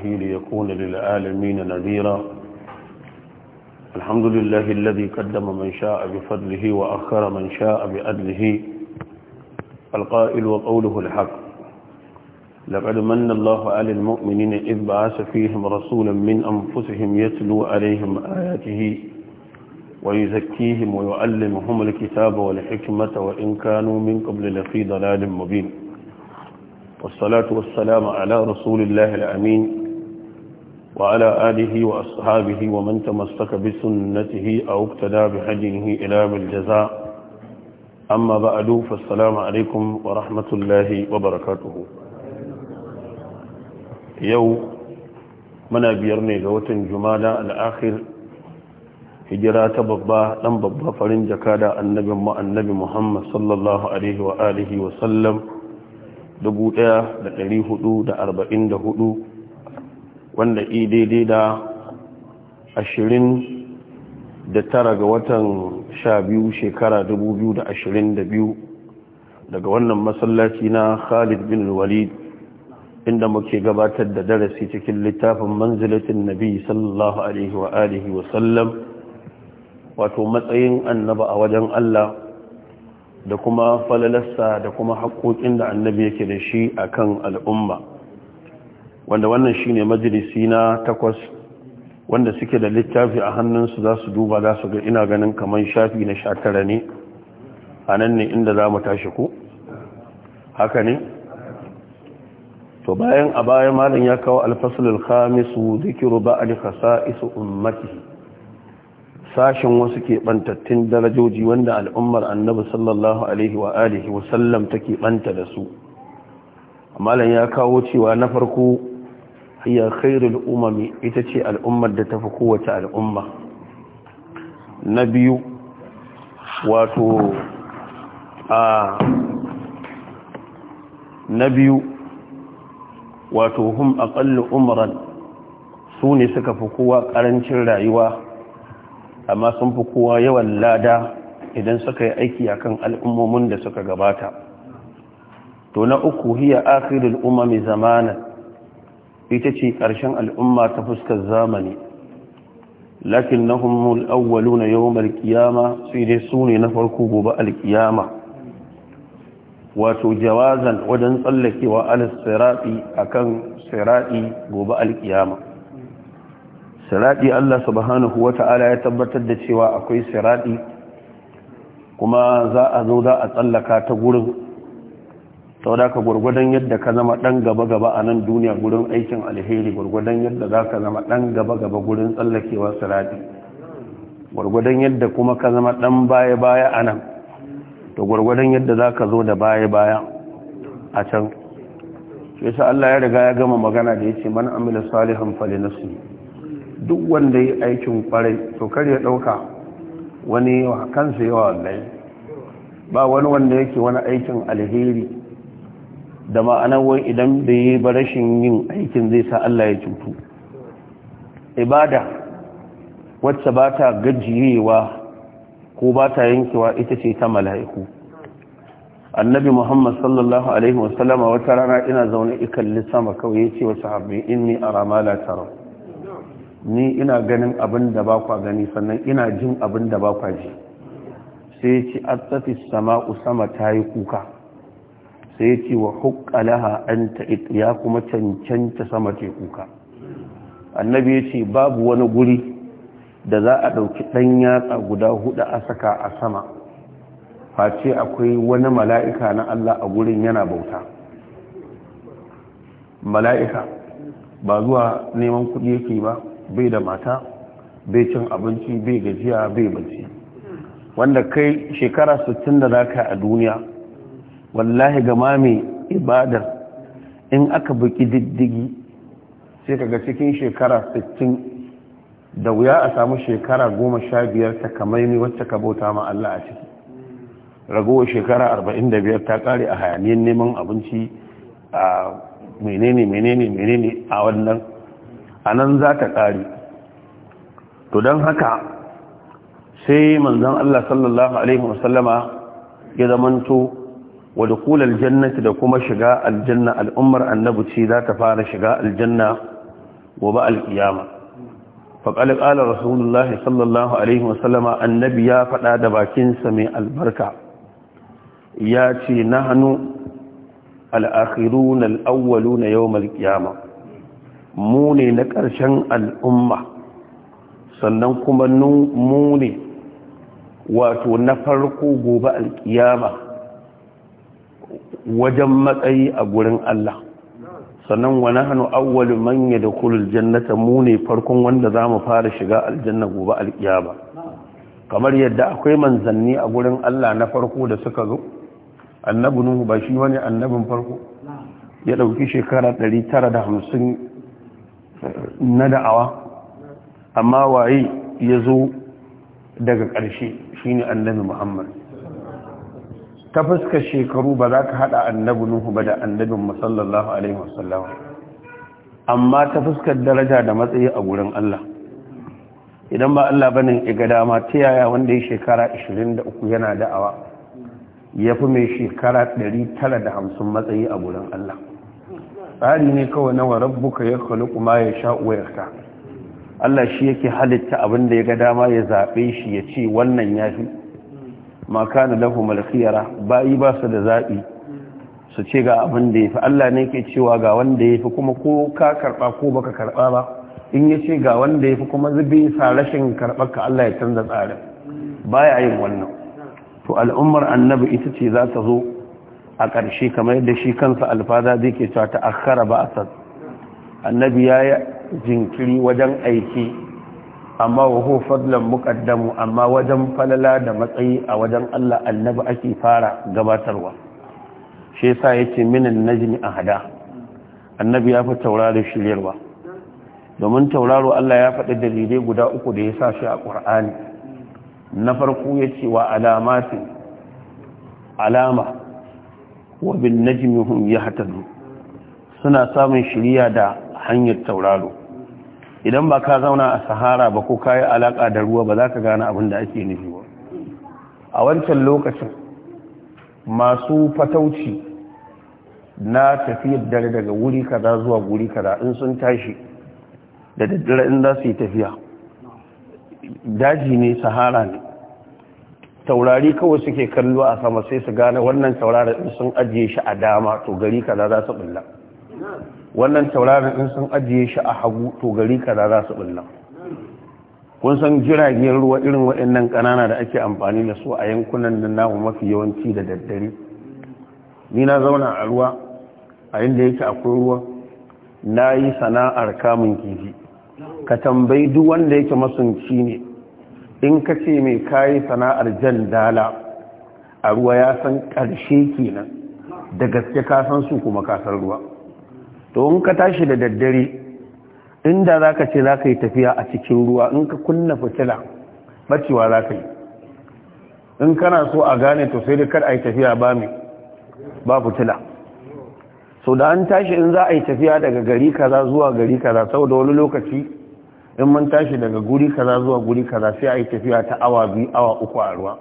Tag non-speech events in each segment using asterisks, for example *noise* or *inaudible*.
وصحبه ليكون للعالمين نذيرا الحمد لله الذي قدم من شاء بفضله وأخر من شاء بأدله القائل وقوله الحق لقد من الله على المؤمنين إذ بعث فيهم رسولا من أنفسهم يتلو عليهم آياته ويزكيهم ويعلمهم الكتاب والحكمة وإن كانوا من قبل لفي ضلال مبين والصلاة والسلام على رسول الله الأمين وعلى آله وأصحابه ومن تمسك بسنته أو اقتدى بهديه إلى بالجزاء أما بعد فالسلام عليكم ورحمة الله وبركاته يوم منا بيرني قوة جمالة الآخر hijira ta babba dan babba farin jaka da annabin mu annabi Muhammad sallallahu alaihi wa alihi wa sallam 1444 wanda daidai da ashirin da tara ga watan sha biyu shekara dubu biyu da ashirin da biyu daga wannan masallaci na khalid bin walid inda muke gabatar da darasi cikin littafin manzilatin nabi sallallahu alaihi wa alihi wa sallam wato matsayin annaba a wajen allah da kuma falalarsa da kuma haƙoƙin da annabi yake da shi kan al'umma wanda wannan shine majalisi na takwas wanda suke da littafi a hannunsu za su duba za su ga ina ganin kamar shafi na shatara ne a nan ne inda za mu tashi ku haka ne to bayan a baya malin ya kawo alfasulul khamisu zikiru ba'd khasa'is ummatihi sashin wasu keɓantattun darajoji wanda al'ummar annabi sallallahu alaihi wa alihi da su malam ya kawo cewa na farko hiya khairul umami ita ce al'ummar da tafi kowace al'umma na biyu wato a na biyu wato hum aqallu umran su ne suka fi kowa karancin rayuwa amma sun fi kowa yawan lada idan suka yi aiki akan al'ummomin da suka gabata to na uku hiya akhirul umami zamanan ita ce ƙarshen al'umma ta fuskar zamani lakin na hummul awwalu na yawon alkiyama sai dai su ne na farko gobe alkiyama wato jawazan wajen tsallakewa alisiraɗi a kan siraɗi gobe alkiyama siraɗi allah subhanahu wata'ala ya tabbatar da cewa akwai siraɗi kuma za a zo za a tsallaka ta gurin ta da ka gwargwadon yadda ka zama ɗan gaba-gaba a nan duniya gudun aikin alheri gwargwadon yadda za ka zama ɗan gaba-gaba gudun tsallakewa sirati gwargwadon yadda kuma ka zama ɗan baya-baya a nan to gwargwadon yadda za ka zo da baya-baya a can shi Allah ya riga ya gama magana da ya ce man amila salihan fali nasu duk wanda ya aikin kwarai to kar ya dauka wani kansa yawa wallahi ba wani wanda yake wani aikin alheri da ma'anar wai idan da yi ba rashin yin aikin zai sa Allah ya cutu ibada wacce ba ta gajiyewa ko ba ta yankewa ita ce ta mala'iku annabi muhammad sallallahu alaihi wasallama wata rana ina zaune ikan sama kawai ya ce wasu haɓe inni a ramala tara ni ina ganin abin da ba kwa gani sannan ina jin abin da ba kwa ji sai ce a tsafi sama'u sama ta yi kuka sai ya ce wa hukkalaha an ta'id ya kuma cancanta sama tekuka annabi ya ce babu wani guri da za a ɗauki ɗan yatsa guda hudu a saka a sama face akwai wani mala'ika na Allah a gurin yana bauta mala'ika ba zuwa neman kuɗi yake ba bai da mata bai cin abinci bai gajiya bai bacci wanda kai shekara sittin da za ka a duniya wallahi gama mai ibadar in aka buki diddigi sai kaga cikin shekara 60 da wuya a samu shekara 15 ta kamai ne wacce ka bauta ma Allah a ciki ragowar shekara 45 ta kare a hayaniyar neman abinci a menene menene menene a wannan a nan za ta kare to don haka sai manzan Allah sallallahu Alaihi wasallama ya zamanto wa dukulal jannati da kuma shiga aljanna al'ummar annabi ce za ta fara shiga aljanna gobe alkiyama faƙali ƙalar rasulullahi sallallahu alaihi wasallama annabi ya faɗa da bakinsa mai albarka ya ce na hannu na al'awwalu na yau malkiyama mu ne na ƙarshen al'umma sannan kuma mu ne wato na farko gobe alkiyama wajen matsayi a gurin Allah sannan wa nahnu awwalu da yadkhulul jannata mu ne farkon wanda zamu fara shiga aljanna gobe alkiyama kamar yadda akwai manzanni a gurin Allah na farko da suka zo annabi nuhu ba shi wani annabin farko ya dauki shekara 950 eh, na da'awa amma waye ya zo daga ƙarshe shi ne annabi Muhammad ta fuska shekaru ba za ka haɗa annabi nuhu ba da annabin musallallahu alaihi wasallam amma ta fuskar daraja da matsayi a gurin Allah idan ba Allah bane ya ga dama ta yaya wanda ya shekara 23 yana da'awa ya fi mai shekara 950 matsayi a gurin Allah tsari ne kawai na warabbuka ya khaliqu kuma ya sha uwayarta Allah shi yake halitta abin da ya ga dama ya zaɓe shi ya ce wannan ya fi. ma kana lahu al ba'i ba su da zaɓi su ce ga abin da yafi Allah ne yake cewa ga wanda yafi kuma ko ka karba ko baka karba ba in yace ga wanda yafi kuma zubi sa rashin karbar ka Allah ya canza tsarin baya yin wannan to al'ummar annabi ita ce za ta zo a ƙarshe kamar yadda shi kansa alfaza zai ke cewa ta akhara ba'sat annabi ya yi jinkiri wajen aiki amma waho ho fadlan muqaddamu amma wajen falala da matsayi a wajen Allah annabi ake fara gabatarwa shi yasa yace minan najmi hada. annabi ya fi tauraro shiryarwa domin tauraro Allah ya faɗi dalilai guda uku da ya sa shi a ƙur'ani. na farko ce wa alamati alama wa bin najmi hum yahtadun suna samun shiriya da hanyar tauraro idan ba ka zauna a sahara ba ko kayi alaka da ruwa ba za ka gane abin da ake nufi ba a wancan lokacin masu fatauci na tafiyar dare daga wuri kaza zuwa wuri kaza in sun tashi da daddare in za su yi tafiya daji ne sahara ne taurari kawai suke kallo a sama sai su gane wannan taurarin sun ajiye shi a dama to gari kaza za su bulla wannan tauraron in sun ajiye shi a hagu to gari kaza za su bulla kun san jiragen ruwa irin waɗannan ƙanana da ake amfani da su a yankunan nan namu mafi yawanci da daddare ni na zauna a ruwa a inda yake akwai ruwa na yi sana'ar kamun kifi ka tambayi duk wanda yake masunci ne in ka ce mai kayi sana'ar jan dala a ruwa ya san ƙarshe kenan da gaske ka san su kuma kasar ruwa to in ka tashi da daddare inda za ka ce za ka yi tafiya a cikin ruwa in ka kunna fitila bacewa za ka yi in kana so a gane to sai da kar a yi tafiya ba mai ba fitila so da an tashi in za a yi tafiya daga gari kaza zuwa gari kaza da wani lokaci in mun tashi daga guri kaza zuwa guri kaza sai a yi tafiya ta awa biyu awa uku a ruwa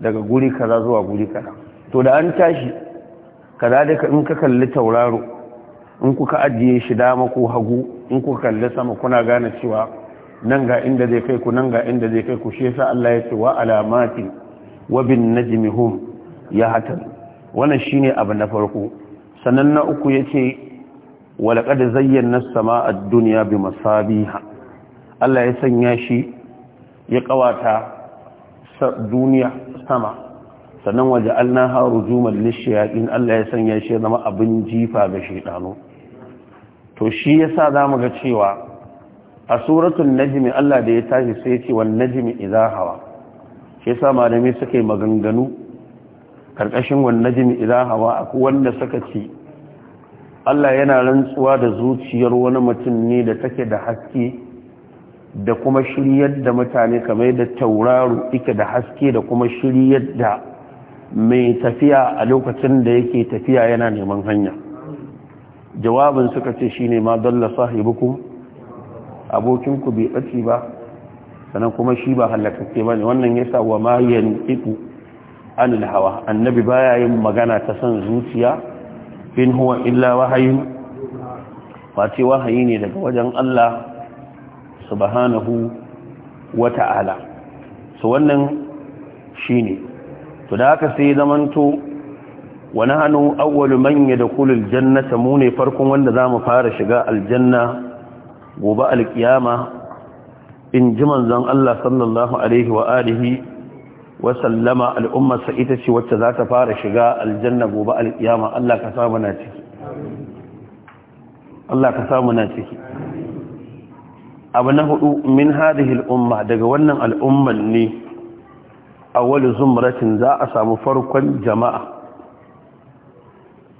daga guri kaza zuwa guri kaza to da an tashi kaza da in ka kalli tauraro in kuka ajiye shi dama ko hagu in kuka kalli sama kuna gane cewa nan ga inda zai kai ku nan ga inda zai kai ku shi yasa Allah ya ce wa alamati wa bin najmi ya hatan wannan shine abu na farko sannan na uku yace wa da zayyana as-samaa ad-dunya bi masabiha Allah ya sanya shi ya kawata duniya sama sannan waje alna haru juman Allah ya sanya shi zama abin jifa ga shiɗanu. to shi yasa mu ga cewa a suratun najimi Allah da ya tashi sai ce wa najmi idza hawa shi yasa malami suka yi maganganu karkashin wa najmi idza hawa akwai wanda suka ce Allah yana rantsuwa da zuciyar wani mutum ne da take da haske da kuma shiryar da mutane kamar da tauraro ike da haske da kuma shiryar da mai tafiya a lokacin da yake tafiya yana neman hanya jawabin suka ce shine ma dalla sahibukum abokinku bai ɓace ba sannan kuma shi ba halakacce ba ne wannan ya sa wa ma yantiku anil hawa annabi baya yin magana ta san zuciya bin huwa illa wahayin ce wahayi ne daga wajen Allah subhanahu wa ta'ala su wannan shi ne to da haka sai zamanto Wani hannu awwalu man yadkhulul jannata mu ne farkon wanda zamu fara shiga aljanna gobe alkiyama in ji manzon Allah sallallahu alaihi wa alihi wa sallama al'umma ita ce wacce za ta fara shiga aljanna gobe alkiyama Allah ka samu na ciki Allah ka samu na ciki abu na hudu min hadhihi al'umma daga wannan al'umman ne awwal zumratin za a samu farkon jama'a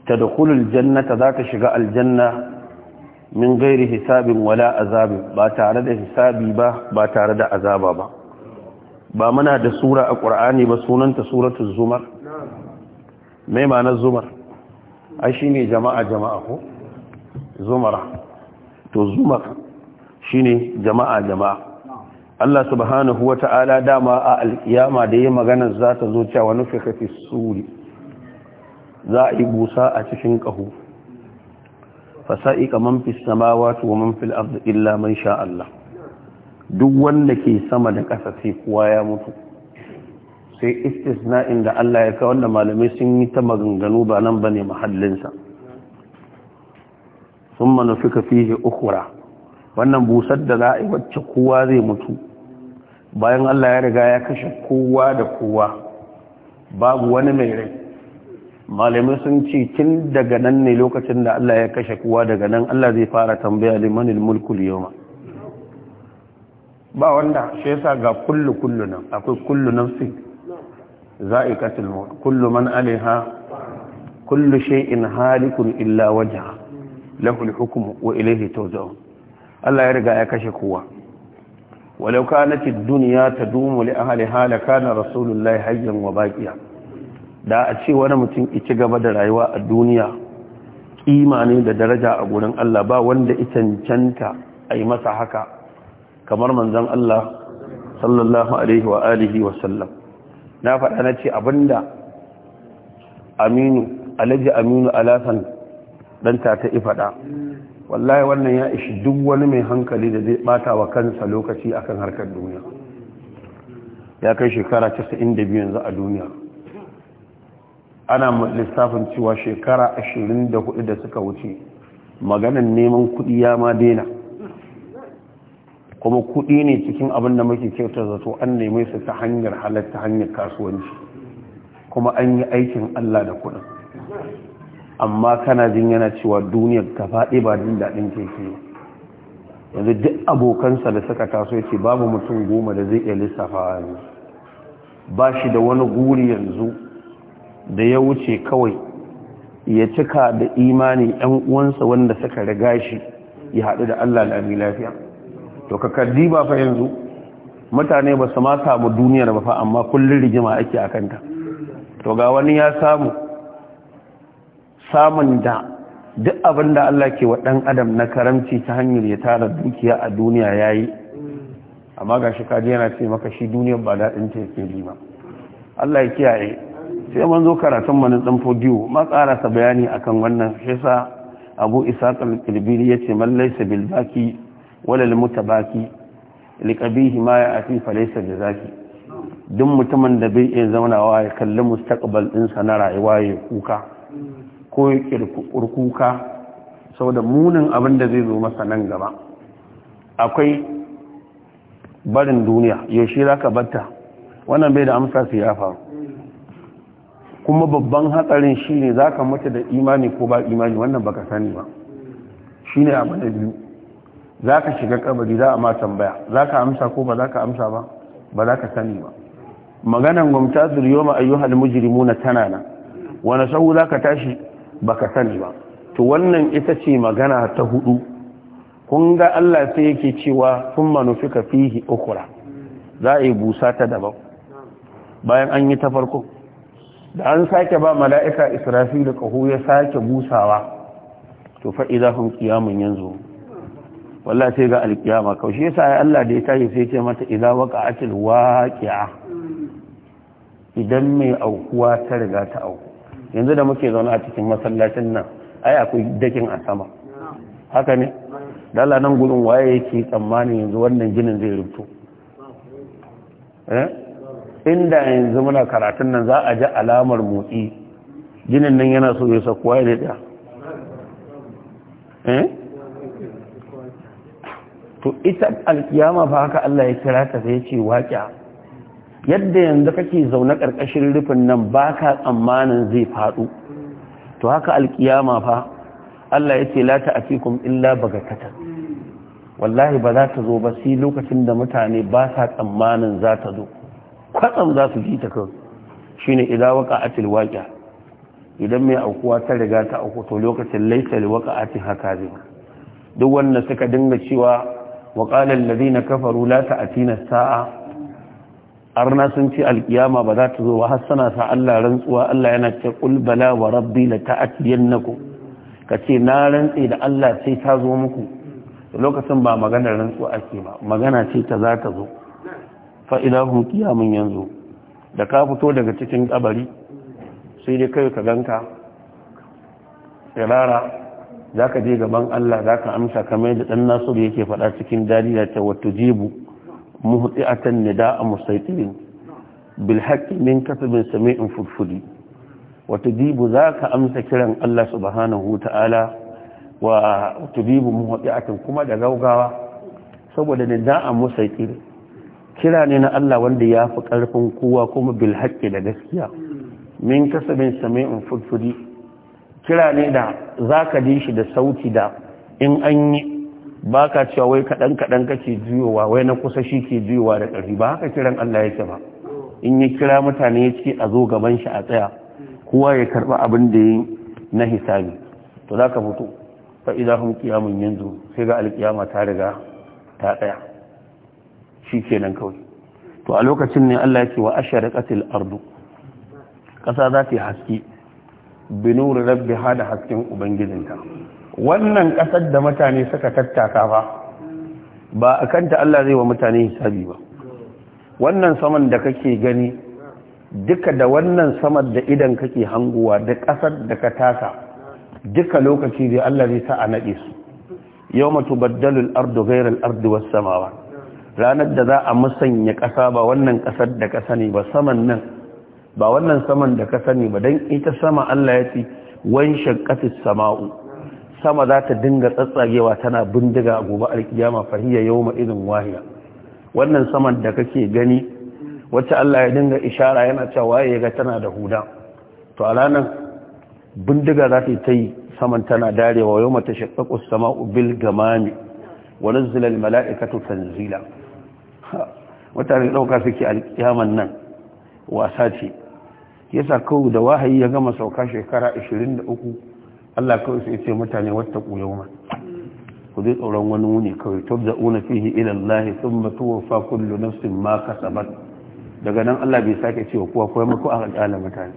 ta da tadkhulul jannata zata shiga aljanna min gairi hisabin wala azabi ba tare da hisabi ba ba tare da azaba ba ba muna da sura a ƙur'ani ba sunanta suratul zumar mai ma'anar zumar ai shine jama'a jama'a ko zumara to zumar shine jama'a jama'a Allah subhanahu wata'ala dama a alkiyama da yayin maganar za ta zo cewa nufika fi suri za a yi busa a cikin kaho. fasa'iƙa man fi samawati wa man illa man sha Allah duk wanda ke sama da ƙasa sai kuwa ya mutu sai istisna'in da Allah ya kawo wanda malamai sun yi ta maganganu ba nan ba ne mahallinsa sun manufika fihe ukura wannan busar da za a yi wacce kowa zai mutu bayan Allah ya riga ya kashe kowa da kowa babu wani mai rai malamai sun ce tun daga nan ne lokacin da Allah ya kashe kowa daga nan Allah zai fara tambaya limanil mulkul yawma ba wanda shi yasa ga kullu kullu nan akwai kullu nafsi za'iqatul maut kullu man alayha kullu shay'in halikun illa wajha lahu al-hukmu wa ilayhi turja'un Allah ya riga ya kashe kowa walau kanat ad-dunya tadumu li ahliha lakana rasulullahi hayyan wa baqiya da a ce wani mutum ita gaba da rayuwa a duniya kima ne da daraja a gurin Allah ba wanda ya cancanta a yi masa haka kamar manzon Allah sallallahu alaihi wa alihi wa na faɗa na ce abinda aminu alhaji aminu alasan dan ta ta ifada wallahi wannan ya ishi duk wani mai hankali da zai bata wa kansa lokaci akan harkar duniya ya kai shekara 92 yanzu a duniya ana lissafin cewa shekara 24 da suka wuce maganan neman kuɗi ya ma daina kuma kuɗi ne cikin abin da muke kyautar zato an neme su ta hanyar halatta hanyar kasuwanci kuma an yi aikin Allah da kuɗin amma kana jin yana cewa duniyar ta faɗi ba jin daɗin keke yanzu duk abokansa da suka taso ya babu mutum goma da zai iya lissafa yanzu ba shi da wani guri yanzu da ya wuce kawai ya cika da imani ɗan uwansa wanda suka riga shi ya haɗu da Allah da lami lafiya to ka kaddi ba fa yanzu mutane ba su ma samu duniyar ba fa amma kullum rigima ake a kanta to ga wani ya samu samun da duk abin da Allah ke wa ɗan adam na karamci ta hanyar ya tara dukiya a duniya ya yi amma ga shi kaji yana ce maka shi duniyar ba daɗin ta yake ba Allah ya kiyaye sai man zo karatun mu na dan fodiyo ma karasa bayani akan wannan shesa abu isaq al-qilbili yace man walal bil baki wala al mutabaki liqabihi ma ya'ti da zaki jazaki duk mutumin da bai iya zaunawa ya kalli mustaqbal sa na rayuwa ya kuka ko ya sau saboda munin abin da zai zo masa nan gaba akwai barin duniya yaushe za ka batta wannan bai da amsa su ya faru kuma babban hatsarin shi ne za ka mutu da imani ko ba imani wannan baka sani ba shi ne abu na biyu za ka shiga kabari za a ma tambaya za ka amsa ko ba za ka amsa ba ba za ka sani ba maganan gwamta zuriyo ma ayyuhal mujrimu na tana nan wani sahu za ka tashi ba ka sani ba to wannan ita ce magana ta hudu kun ga Allah sai yake cewa sun manufi ka fihi ukura za a yi busa ta daban bayan an yi ta farko da an sake ba mala'ika da ƙahu ya sake busawa to za hun ƙiyamun yanzu wallah sai ga alƙiyama kaushe yasa ya Allah da ya tashi sai ce mata idza waqa'atil waqi'a idan mai aukuwa ta riga ta auku yanzu da muke zaune a cikin masallacin nan ai akwai dakin a sama haka ne da Allah nan gurin waye yake tsammanin yanzu wannan ginin zai rubuto eh inda yanzu muna karatun nan za a ji alamar motsi jinin nan yana so ya sakuwa ya daɗa to ita alkiyama fa haka Allah ya kira ta sai ce waƙiya yadda yanzu kake zaune ƙarƙashin rufin nan ba ka tsammanin zai faɗo to haka alkiyama fa Allah ya ce la ta'atikum illa bagatatan wallahi ba za ta zo ba sai lokacin da mutane ba sa tsammanin za ta zo kwatsam za su ji ta kan shine idan waka atil waƙiya idan mai aukuwa ta riga ta auku to lokacin laisa li waka haka zai duk wanda suka dinga cewa na kafa rula ta la ta'tina sa'a arna sun ce alkiyama ba za ta zo ba har sana sa Allah rantsuwa Allah yana ce qul wa rabbi la ta'tiyannakum kace na rantsi da Allah sai ta zo muku lokacin ba maganar rantsuwa ake ba magana ce ta za ta zo fa'idahun mun yanzu da ka fito daga cikin kabari sai dai kai ka ganka tsirara za ka je gaban Allah za ka amsa kamar da ɗan nasiru yake faɗa cikin dariya ta wata jebu muhutsi a tan bil a musaitirin min kasabin sami'in furfuri wata jebu za ka amsa kiran Allah subhanahu ta'ala wa wata jebu a kuma da gaugawa saboda da a musaitirin kira ne na Allah wanda ya fi karfin kowa kuma bil haƙƙi da gaskiya min kasabin sami'in fudfudi kira ne da za ka ji shi da sauti da in an yi ba ka cewa wai kaɗan kaɗan kake juyowa wai na kusa shi ke juyowa da ƙarfi ba haka kiran Allah yake ba in ya kira mutane ya ce a zo gaban shi a tsaya kowa ya karɓi abin da yi na hisabi to za ka fito fa idan kiyamun yanzu sai ga alkiyama ta riga ta tsaya shi kenan kawai to a lokacin ne Allah ya ce wa asharaqatil ardu kasa za ta haske binur rabbi hada hasken ubangijinta wannan kasar da mutane suka tattaka ba ba akanta Allah zai wa mutane hisabi ba wannan saman da kake gani duka da wannan saman da idan kake hanguwa da kasar da ka tasa duka lokaci da Allah zai sa a naɗe su yawma tubaddalu al-ardu ghayra al-ardi was-samawati ranar da za a musanya ƙasa ba wannan ƙasar da ka sani ba saman nan ba wannan saman da ka sani ba don ita sama Allah ya ce wan shaqqatis sama'u sama za ta dinga tsatsagewa tana bindiga a gobe alkiyama fa hiya yawma idhin wahiya wannan saman da kake gani wacce Allah ya dinga ishara yana cewa ya ga tana da huda to a ranar bindiga za ta yi saman tana darewa ta tashaqqaqus sama'u bil gamami wa nazzala al mala'ikatu tanzila mutane ɗauka suke alƙiyaman nan wasa ce ya sa kawai da wahayi ya gama sauka shekara 23 Allah kawai sai ce mutane wata ma ku zai tsoron wani wuni kawai tabda una fihi ila Allah thumma tuwaffa kullu nafsin ma kasabat daga nan Allah bai sake cewa kowa koyi muku a alƙala mutane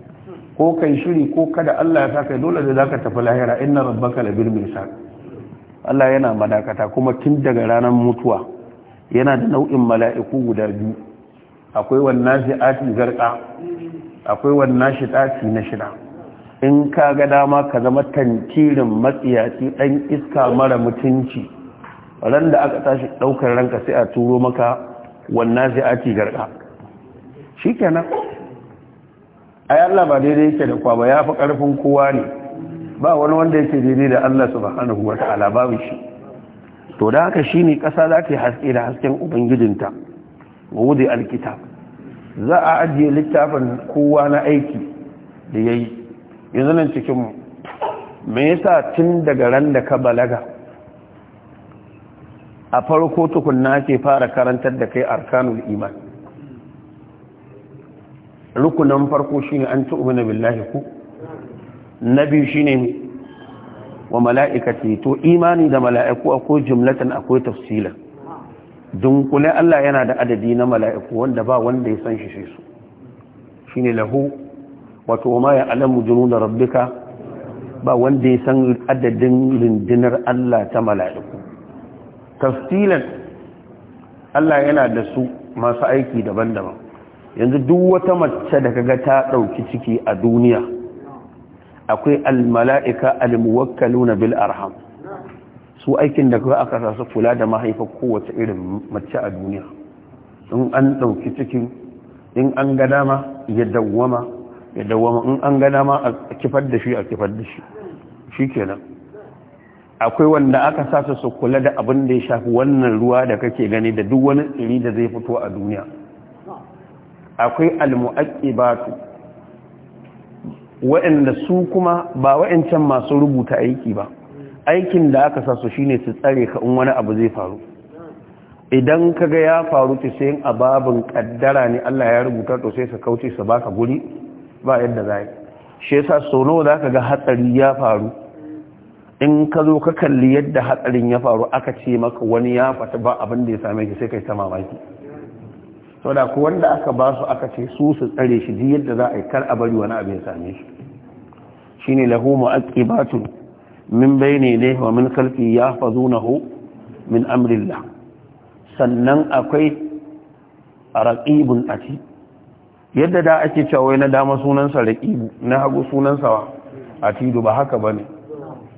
ko kai shiri ko kada Allah ya saka dole da zaka tafi lahira inna rabbaka labil mirsad Allah yana madakata kuma tun daga ranar mutuwa yana da nau'in mala'iku guda biyu akwai wannan ati garka akwai wannan shi'ati na shida in ka ga dama ka zama tantirin matsiyaci ɗan iska mara mutunci ran da aka tashi daukar ranka sai a turo maka wannan shi'ati garka shi Shikenan. ai Allah ba daidai yake da kwa ba ya fi ƙarfin kowa ne ba wani wanda yake daidai da Allah subhanahu wataala babu shi to da haka shine ƙasa za ta yi haske da hasken ubangijinta ga wuzi alkitab za a ajiye littafin kowa na aiki da ya yi yanzu nan cikinmu me yasa tun daga ran da ka balaga a farko tukunna ke fara karantar da kai arkanul iman rukunan farko shine an tu'minu billahi ku nabi shine wa mala'ikati to imani da mala'iku akwai jumlatan akwai tafsila dunkule Allah yana da adadi na mala'iku wanda ba wanda ya san shi shi su shi ne lahu wato ma ya alamu junu da rabbika ba wanda ya san adadin rindinar Allah ta mala'iku tafsilan Allah yana da su masu aiki daban-daban yanzu duk wata mace da kaga ta ɗauki ciki a duniya akwai almala'ika almuwakkaluna bil arham su aikin da kawai aka sasu kula da mahaifa kowace irin mace a duniya in an ɗauki cikin in an ga dama ya dawwama ya dawwama in an ga dama a kifar da shi a kifar da shi shi kenan akwai wanda aka sasu su kula da abin da ya shafi wannan ruwa da kake gani da duk wani tsiri da zai fito a duniya akwai almu'aqibatu waɗanda su kuma ba waɗancan masu rubuta aiki ba aikin da aka sasu su shine su tsare ka in wani abu zai faru idan ka ga ya faru ta a ababin kaddara ne Allah ya rubuta to sai su kauce su baka guri ba yadda za yi shi yasa sau nawa za ka ga hatsari ya faru in ka zo ka kalli yadda hatsarin ya faru aka ce maka wani ya fata ba abin da ya same shi sai kai ta mamaki saboda ku wanda aka ba su aka ce su su tsare shi ji yadda za a yi kar a bari wani abin same shi shine lahu mu'aqibatun min ne ne wa min na hu min amrillah sannan akwai a ati yadda da ake cewa na dama sunansa raƙibu na hagu sunansa wa atidu ba haka ba bane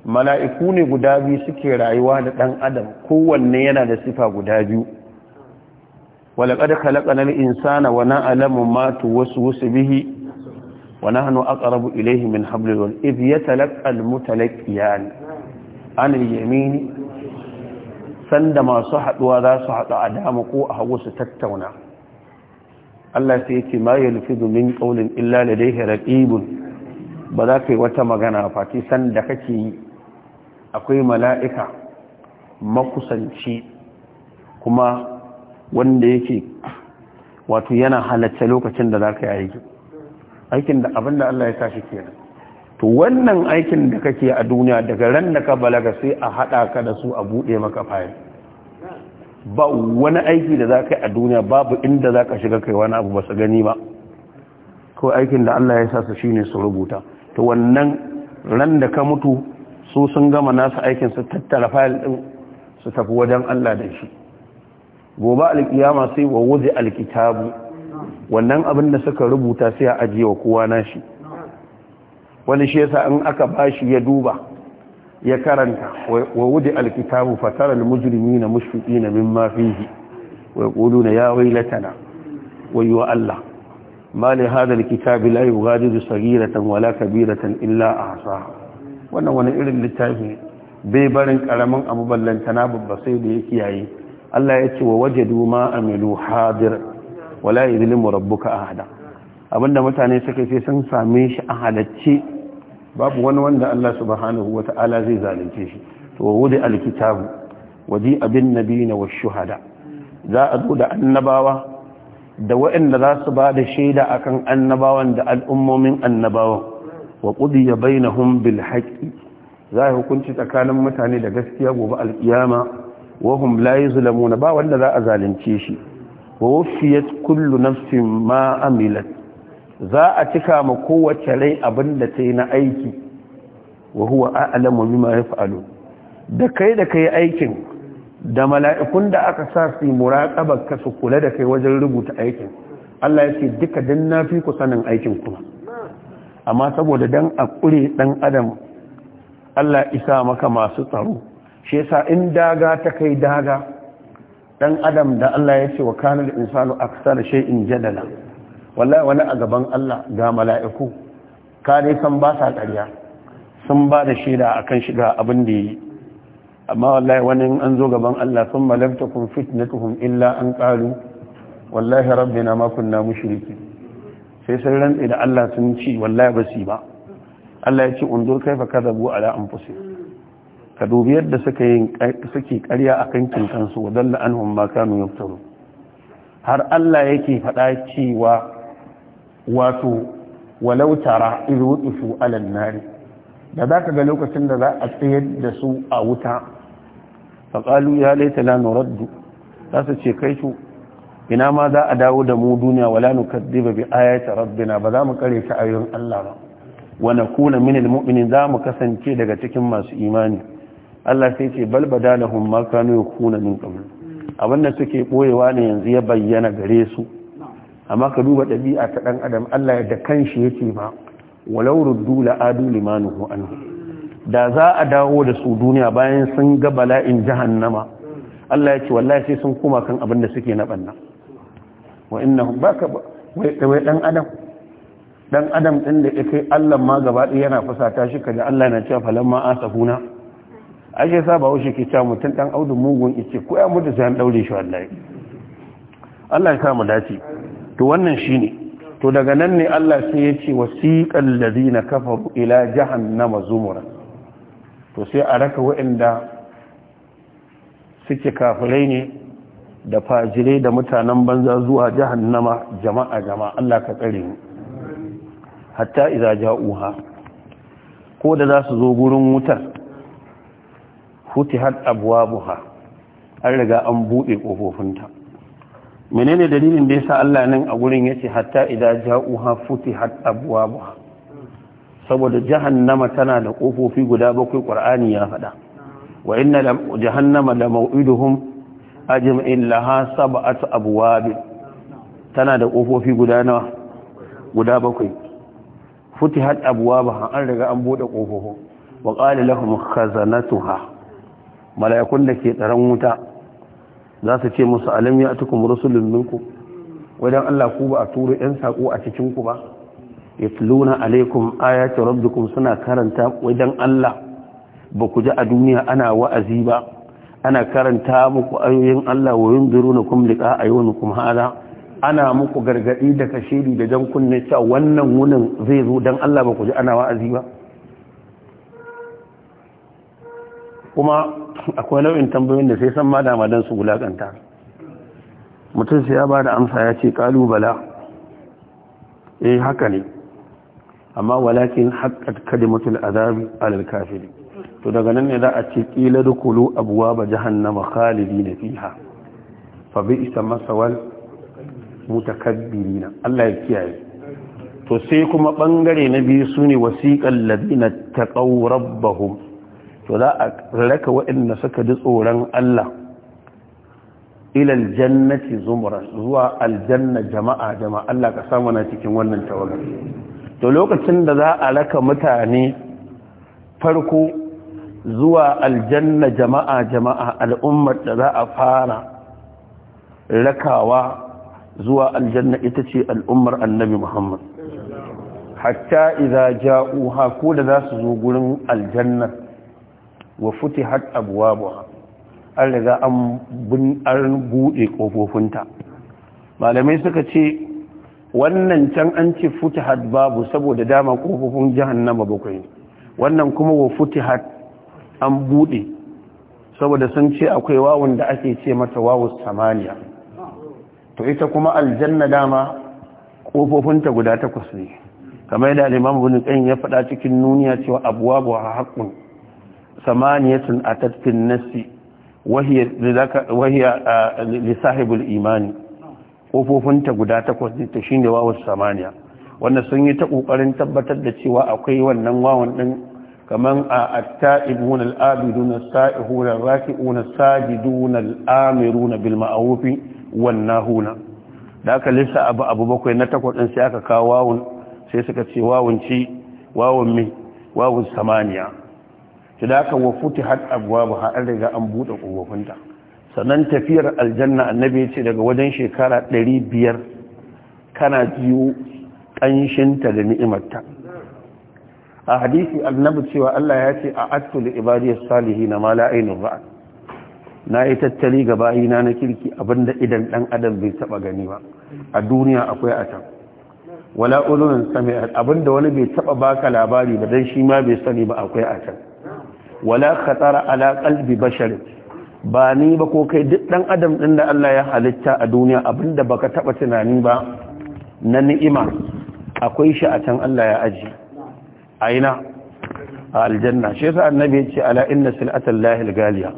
mala'iku ne guda biyu suke rayuwa da ɗan adam kowanne yana da sifa guda biyu ولقد خلقنا الإنسان ونعلم ما توسوس به ونحن أقرب إليه من حبل الوريد إذ يتلقى المتلقيان عن اليمين سندما صحت وذا صحت أدام قوة هوس تتونا الله سيتي ما يلفظ من قول إلا لديه رقيب بذاك وتمغنا فاتي سندكتي أقوي ملائكة مقصن شيء كما wanda yake wato yana halatta lokacin da za ka yi aiki aikin da abin da Allah ya tashi kenan to wannan aikin da kake a duniya daga ran da ka balaga sai a haɗa ka da su a buɗe maka fayil ba wani aiki da za ka yi a duniya babu inda za ka shiga kai wani abu ba su gani ba ko aikin da Allah ya sa su shine su rubuta to wannan ran da ka mutu su sun gama nasu aikin su tattara fayil din su tafi wajen Allah da shi gobe alkiyama sai wa wuzi alkitabu wannan abin da suka rubuta sai a ajiye wa kowa nashi wani shi yasa in aka bashi ya duba ya karanta wa wuzi alkitabu fatara almujrimina mushfiqina mimma fihi wa yaquluna ya waylatana wayo Allah ma li hadha alkitabi la da saghiratan wala kabiratan illa ahsaha wannan wani irin littafi bai barin karamin abu ballantana babba sai da ya kiyaye Allah ya ce wa waje ma amilu hadir wala yuzlimu rabbuka ahada abinda mutane suka ce sun same shi a halacce babu wani wanda Allah subhanahu wata'ala zai zalunce shi to wudi alkitabu waji abin nabiyina wa shuhada za a zo da annabawa da waɗanda za su ba da shaida akan annabawan da al'ummomin annabawan wa ya bainahum bil haƙƙi. za a hukunci tsakanin mutane da gaskiya gobe alkiyama wahum la yuzlamuna ba wanda za a zalunce shi wa wufiyat kullu nafsin ma amilat za a cika ma kowace rai abin da ta yi na aiki wa huwa a'lamu bima yaf'alu da kai da kai aikin da mala'ikun da aka sa su muraqabar ka su kula da kai wajen rubuta aikin Allah ya ce duka dan nafi ku sanin aikin ku amma saboda dan akure dan adam Allah isa maka masu tsaro shi yasa in daga ta kai daga dan adam da Allah ya ce wa kana al insanu aksara shay'in jadala wallahi wani a gaban Allah ga mala'iku ka dai san ba sa ƙarya sun ba da shaida akan shiga abin da yi amma wallahi wani an zo gaban Allah sun malabta kun fitnatuhum illa an qalu wallahi rabbina ma kunna mushrikin sai sun rantsi da Allah sun ci wallahi ba su ba Allah ya ce unzur kaifa kadabu ala anfusihim ka dubi yadda suka yi suke karya a kankin kansu wa dalla anhum ma kanu yaftaru har Allah yake faɗa cewa wato walau tara idh wuqifu ala nar da ka ga lokacin da za a tsayar da su a wuta fa qalu ya laita la nuraddu za su ce kai su ina ma za a dawo da mu duniya wala nukaddiba bi ayati rabbina ba za mu kare ta ayoyin Allah ba wa nakuna minal mu'minin za mu kasance daga cikin masu imani Allah sai ce bal badalahum ma kanu yakuna min qabl abin suke boyewa ne yanzu ya bayyana gare su amma ka duba ɗabi'a ta ɗan adam Allah ya da kanshi yake ba walau ruddu la'adu limanuhu an. da za a dawo da su duniya bayan sun ga bala'in jahannama Allah ya ce wallahi sai sun kuma kan abin suke na banna wa innahum baka wai wai dan adam dan adam din da yake Allah ma gaba ɗaya yana fusata shi kaje Allah na cewa falamma asafuna ake sa ba ke cewa mutum dan audu mugun ice ko ya mutu sai an daure shi wallahi Allah ya kama dace to wannan shine to daga nan ne Allah sai ya ce wasiqal ladina kafaru ila jahannama zumura to sai a raka waɗanda suke kafirai ne da fajirai da mutanen banza zuwa jahannama jama'a jama'a Allah ka tsare mu hatta idza ja'uha ko da za su zo gurin wutar futihat abwabuha an riga an bude kofofinta menene dalilin da yasa Allah nan a gurin yace hatta idza ja'uha futihat abwabuha saboda jahannama tana da kofofi guda bakwai qur'ani ya faɗa wa inna jahannama la maw'iduhum ajma'in laha sab'atu abwab tana da kofofi guda nawa guda bakwai futihat abwabuha an riga an bude kofofin wa qala lahum mala'ikun da ke tsaron wuta za su ce musu alam ya tukum rusulun minku wajen Allah ku ba a turo yan sako a cikin ku ba yatluna alaikum ayati rabbikum suna karanta wajen Allah ba ku ji a duniya ana wa'azi ba ana karanta muku ayoyin Allah wa a liqa kuma hada ana muku gargadi da kashiri da jan kunne cewa wannan wunin zai zo dan Allah ba ku ji ana wa'azi ba kuma akwai nau'in tambayoyin da sai san ma dan su wulakanta mutum sai ya ba da amsa ya ce kalubala eh haka ne amma walakin haqqat kalimatul azabi alal kafiri to daga nan ne za a ce kila dukulu abwaba jahannama khalidina fiha fa bi isa masawal mutakabbirina Allah ya kiyaye to sai kuma ɓangare na biyu sune wasiqal ladina taqaw rabbahum to za a raka waɗanda suka ji tsoron Allah ilal jannati zumura zuwa aljanna jama'a jama'a Allah ka samu na cikin wannan tawagar. to lokacin da za a raka mutane farko zuwa aljanna jama'a jama'a al'ummar da za a fara rakawa zuwa aljanna ita ce al'ummar annabi Muhammad hatta idza ja'uha ko da za su zo gurin aljanna wa futihat abwabuha an riga an an bude kofofinta malamai suka ce wannan can an ce futihat babu saboda dama kofofin jahannama bakwai wannan kuma wa futihat an bude saboda sun ce akwai wawon da ake ce mata wawu samaniya to ita kuma aljanna dama ƙofofinta guda takwas ne kamar da al-imam ya faɗa cikin nuniya cewa abwabu haƙƙun. samaniyatun atat fi nasi wahiya wahiya li imani kofofinta guda takwas ta shine wawu samaniya wanda sun yi ta kokarin tabbatar da cewa akwai wannan wawan din kaman a at-ta'ibun al-abidun as-sa'ihun ar-raki'un as-sajidun al-amirun bil ma'ruf wan nahuna da aka lissa abu abu bakwai na takwas din sai aka kawo wawun sai suka ce wawun ci wawun mi wawun samaniya ki da aka wa abuwa ba an riga an buɗe kofofinta sannan tafiyar aljanna annabi ce daga wajen shekara biyar kana jiyo ta da ni'imarta a hadisi annabi cewa Allah ya ce a attu li salihi na ma la ba na yi tattali ga bayina na kirki abinda idan dan adam bai taba gani ba a duniya akwai a can wala ulun abinda wani bai taba baka labari ba dan shi ma bai sani ba akwai a can wala khatara ala qalbi bashar ba ni ba ko kai duk dan adam din da Allah ya halitta a duniya abinda baka taba tunani ba na ni'ima akwai shi a can Allah ya aji aina a aljanna shi yasa annabi ya ce ala inna silatallahi algaliya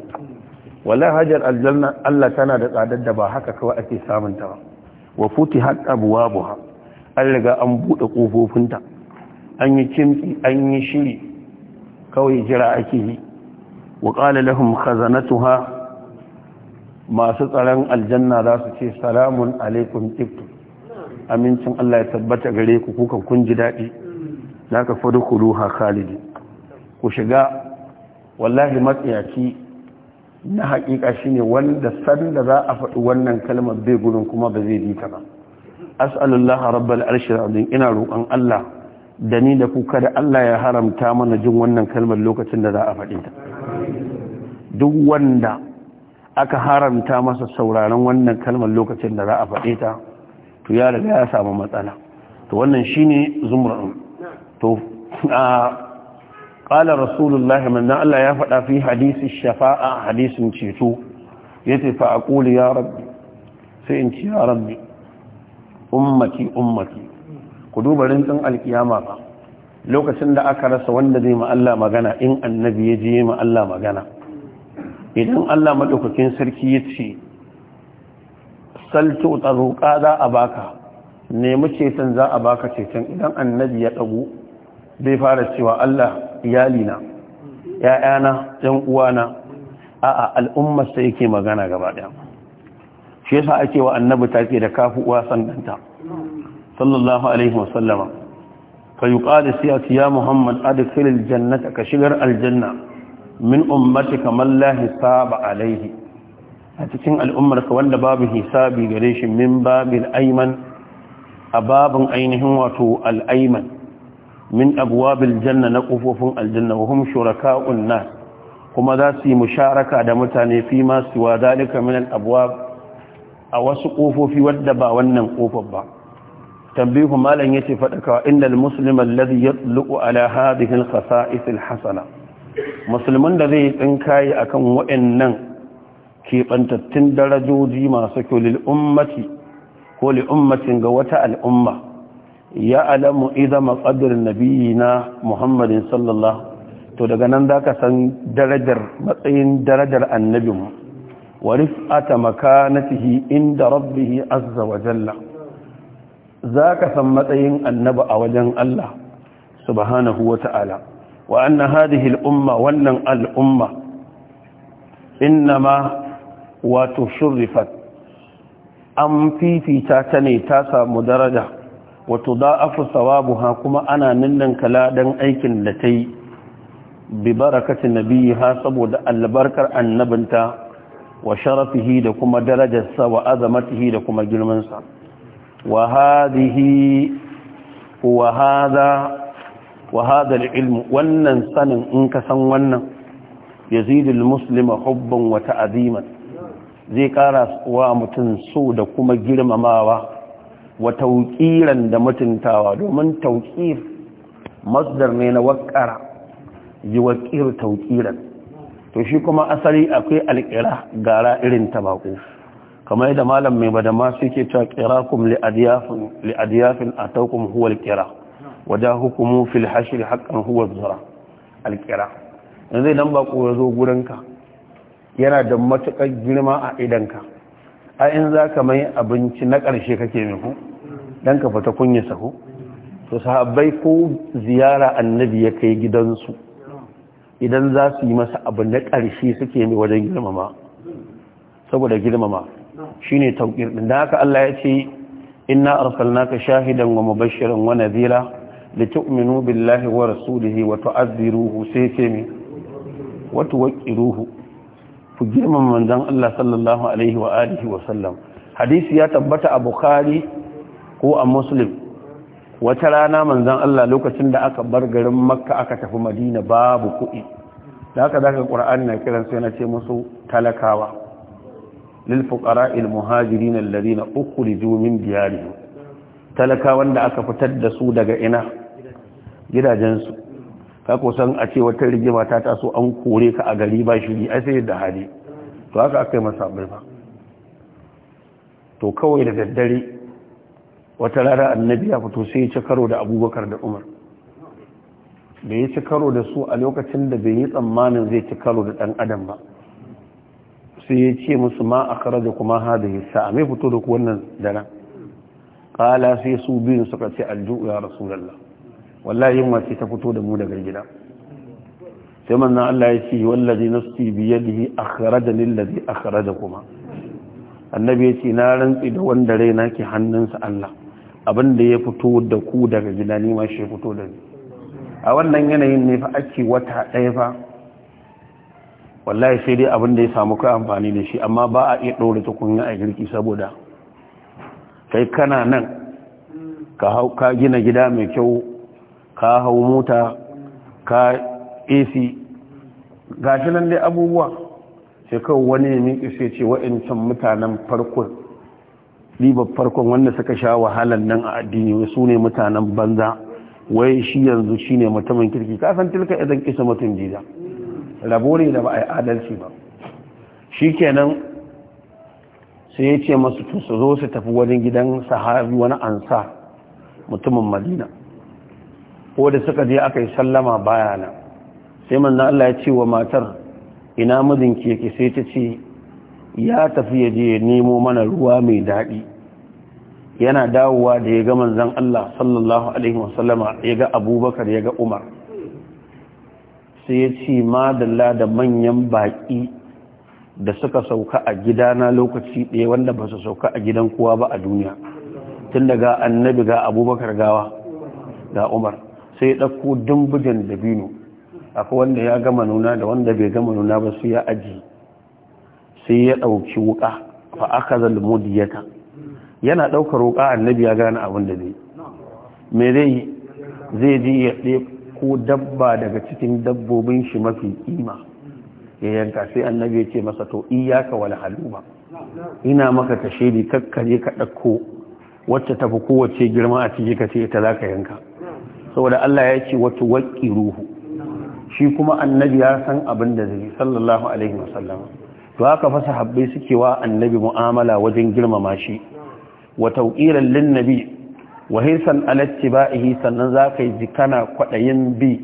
wala hajar aljanna Allah tana da tsadar da ba haka kawai ake samun ta ba wa futihat abwabuha an riga an bude kofofinta an yi kimtsi an yi shiri kawai jira ake yi wa ƙala lahum khazanatuha masu tsaron aljanna za su ce salamun alaikum tiftu amincin Allah ya tabbata gare ku kuka kun ji daɗi za ka fadu kuluha khalidi ku shiga wallahi matsayaci na haƙiƙa shine wanda sanda za a faɗi wannan kalmar bai gudun kuma ba zai bi ba as'alullaha rabbal arshil ina roƙon Allah da ni da ku kada Allah ya haramta mana jin wannan kalmar lokacin da za a faɗi ta duk wanda aka haramta masa sauraron wannan kalmar lokacin da za a faɗe ta to ya ya samu matsala to wannan shine zumra'un to a qala rasulullahi manna Allah ya faɗa fi hadisi shafa'a hadisin ceto yace fa aqulu ya rabbi sai in ci ya rabbi ummati ummati ku duba rintsin alkiyama ba lokacin da aka rasa wanda zai ma Allah magana in annabi ya je ma Allah magana idan Allah maɗaukakin sarki ya ce salto tsaruka za a baka nemi ceton za a baka ceton idan annabi ya ɗagu zai fara cewa Allah iyalina ya'yana yan uwana a'a al'ummar sai yake magana gaba ɗaya shi yasa ake wa annabi take da kafu uwa sandanta sallallahu alaihi wasallama fayuqalu siyati ya muhammad adkhilil jannata ka shigar aljanna min ummati kamar la hisaba alaihi a cikin al'ummarka wanda babu hisabi gare shi min babil ayman a ainihin wato al'ayman min abwabil janna na kofofin aljanna wa hum shuraka'un nas kuma za su yi musharaka da mutane fi ma siwa dalika min al abwab a wasu kofofi wadda ba wannan kofar ba tambihu malam yace fadakawa innal muslima alladhi yatluqu ala hadhihi alkhasa'is alhasana musulmin da zai tsinkaye akan waɗannan kebantattun darajoji masu kyau lil ko li ummatin ga wata al'umma ya alamu idza maqadir nabiyina muhammadin sallallahu to daga nan zaka san darajar matsayin darajar annabinmu wa rif'ata makanatihi inda rabbihi azza wa jalla za ka san matsayin annaba a wajen Allah subhanahu wa ta'ala wa anna hadhihi al'umma wannan al'umma innama wato shurrifat an fifita ta ne ta samu daraja wato da'afu buha kuma ana ninnan kaladan aikin da ta yi bi biyu ha saboda albarkar annabinta wa sharafihi da kuma darajarsa wa azamatihi da kuma girmansa وهذه وهذا وهذا العلم ونن سن إن كسن ونن يزيد المسلم حبا zai kara wa mutum so da kuma girmamawa wa tauƙiran da mutuntawa domin tauƙir masdar ne na waƙara yi waƙir tauƙiran to shi kuma asali akwai alƙira gara irin tabako kamar yadda malam mai bada ma suke cewa qirakum li adyafin a adyafin atawkum huwa al-qira fil hashr haqqan huwa az-zara al yanzu idan ba ko yazo gurinka yana da matukar girma a idanka a in zaka mai abinci na karshe kake muku dan ka fata kunya sahu to sahabbai ko ziyara annabi ya kai gidansu idan za su yi masa abu na ƙarshe suke mai wajen girmama saboda girmama shine ne din da haka Allah ya ce inna arsalnaka shahidan wa mubashiran wa nadhira litu'minu billahi wa rasulihi wa tu'azziruhu sai ce mi wa tuwaqqiruhu ku girmama manzon Allah sallallahu alaihi wa alihi wa sallam hadisi ya tabbata a bukhari ko a muslim wata rana manzon Allah lokacin da aka bar garin makka aka tafi madina babu kuɗi da haka zaka qur'ani na kiran sai na ce musu talakawa للفقراء المهاجرين الذين أخرجوا من ديارهم تلكا da aka fitar da su daga ina gidajensu ka kusan a ce wata rigima ta taso an kore ka a gari ba shiri ai da hali to haka aka yi masa ba to kawai da daddare wata rana annabi ya fito sai ya ci karo da abubakar da umar da ya ci da su a lokacin da bai yi tsammanin zai ci karo da ɗan adam ba sai ya ce musu ma a kara da kuma hada hissa a mai fito da ku wannan daren kala sai su biyun suka ce aljihu ya rasulallah wallahi yin wace ta fito da mu daga gida sai manna Allah ya ce wallazi nafsi bi yadihi akhraja a ladhi akhraja kuma annabi ya ce na rantsi da wanda raina ke hannunsa Allah abinda ya fito da ku daga gida ni ma shi fito da ni a wannan yanayin ne fa ake wata ɗaya fa wallahi sai dai abin da ya samu kai amfani da shi amma ba a iya ɗora tukunya a girki saboda kai kana nan ka gina gida mai kyau ka hau mota ka ac gashi nan dai abubuwa sai kawai wani ya miƙi sai ce wa'ancan mutanen farkon ribar farkon wanda suka sha wahalar nan a addini su ne mutanen banza wai shi yanzu shi ne mutumin kirki kasan tilka idan kisa mutum jida rabo ne da ba a yi adalci ba shi kenan sai ya ce masu su zo su tafi wajen gidan sahabi wani ansa mutumin madina ko da suka je aka yi sallama bayana sai manna Allah ya ce wa matar ina mijinki yake sai ta ce ya tafi ya je nemo mana ruwa mai daɗi yana dawowa da ya ga manzan Allah sallallahu alaihi wasallama ya ga abubakar ya ga umar sai ya ce madalla da manyan baƙi da suka sauka a gidana lokaci ɗaya wanda ba su sauka a gidan kowa ba a duniya tun daga annabi ga abubakar gawa ga umar sai ya ɗauko da dabino akwai wanda ya gama nuna da wanda bai gama nuna ba su ya aji sai ya ɗauki wuƙa fa aka zalmudiyata yana ɗaukar wuƙa annabi ya gane abin da zai me zai zai ji ya ko dabba daga cikin dabbobin shi mafi kima ya yanka sai annabi ya ce masa to iyaka wal haluma ina maka tashe ni kakkare ka ɗauko wacce tafi kowace girma a ciki ka ce ita za ka yanka saboda Allah ya ce wata waƙi ruhu shi kuma annabi ya san abin da zai sallallahu alaihi wasallam to haka fa sahabbai suke wa annabi mu'amala wajen girmama shi wa tawqiran lin nabi wa alatti ba'ihi sannan za ka yi kana kwaɗayin bi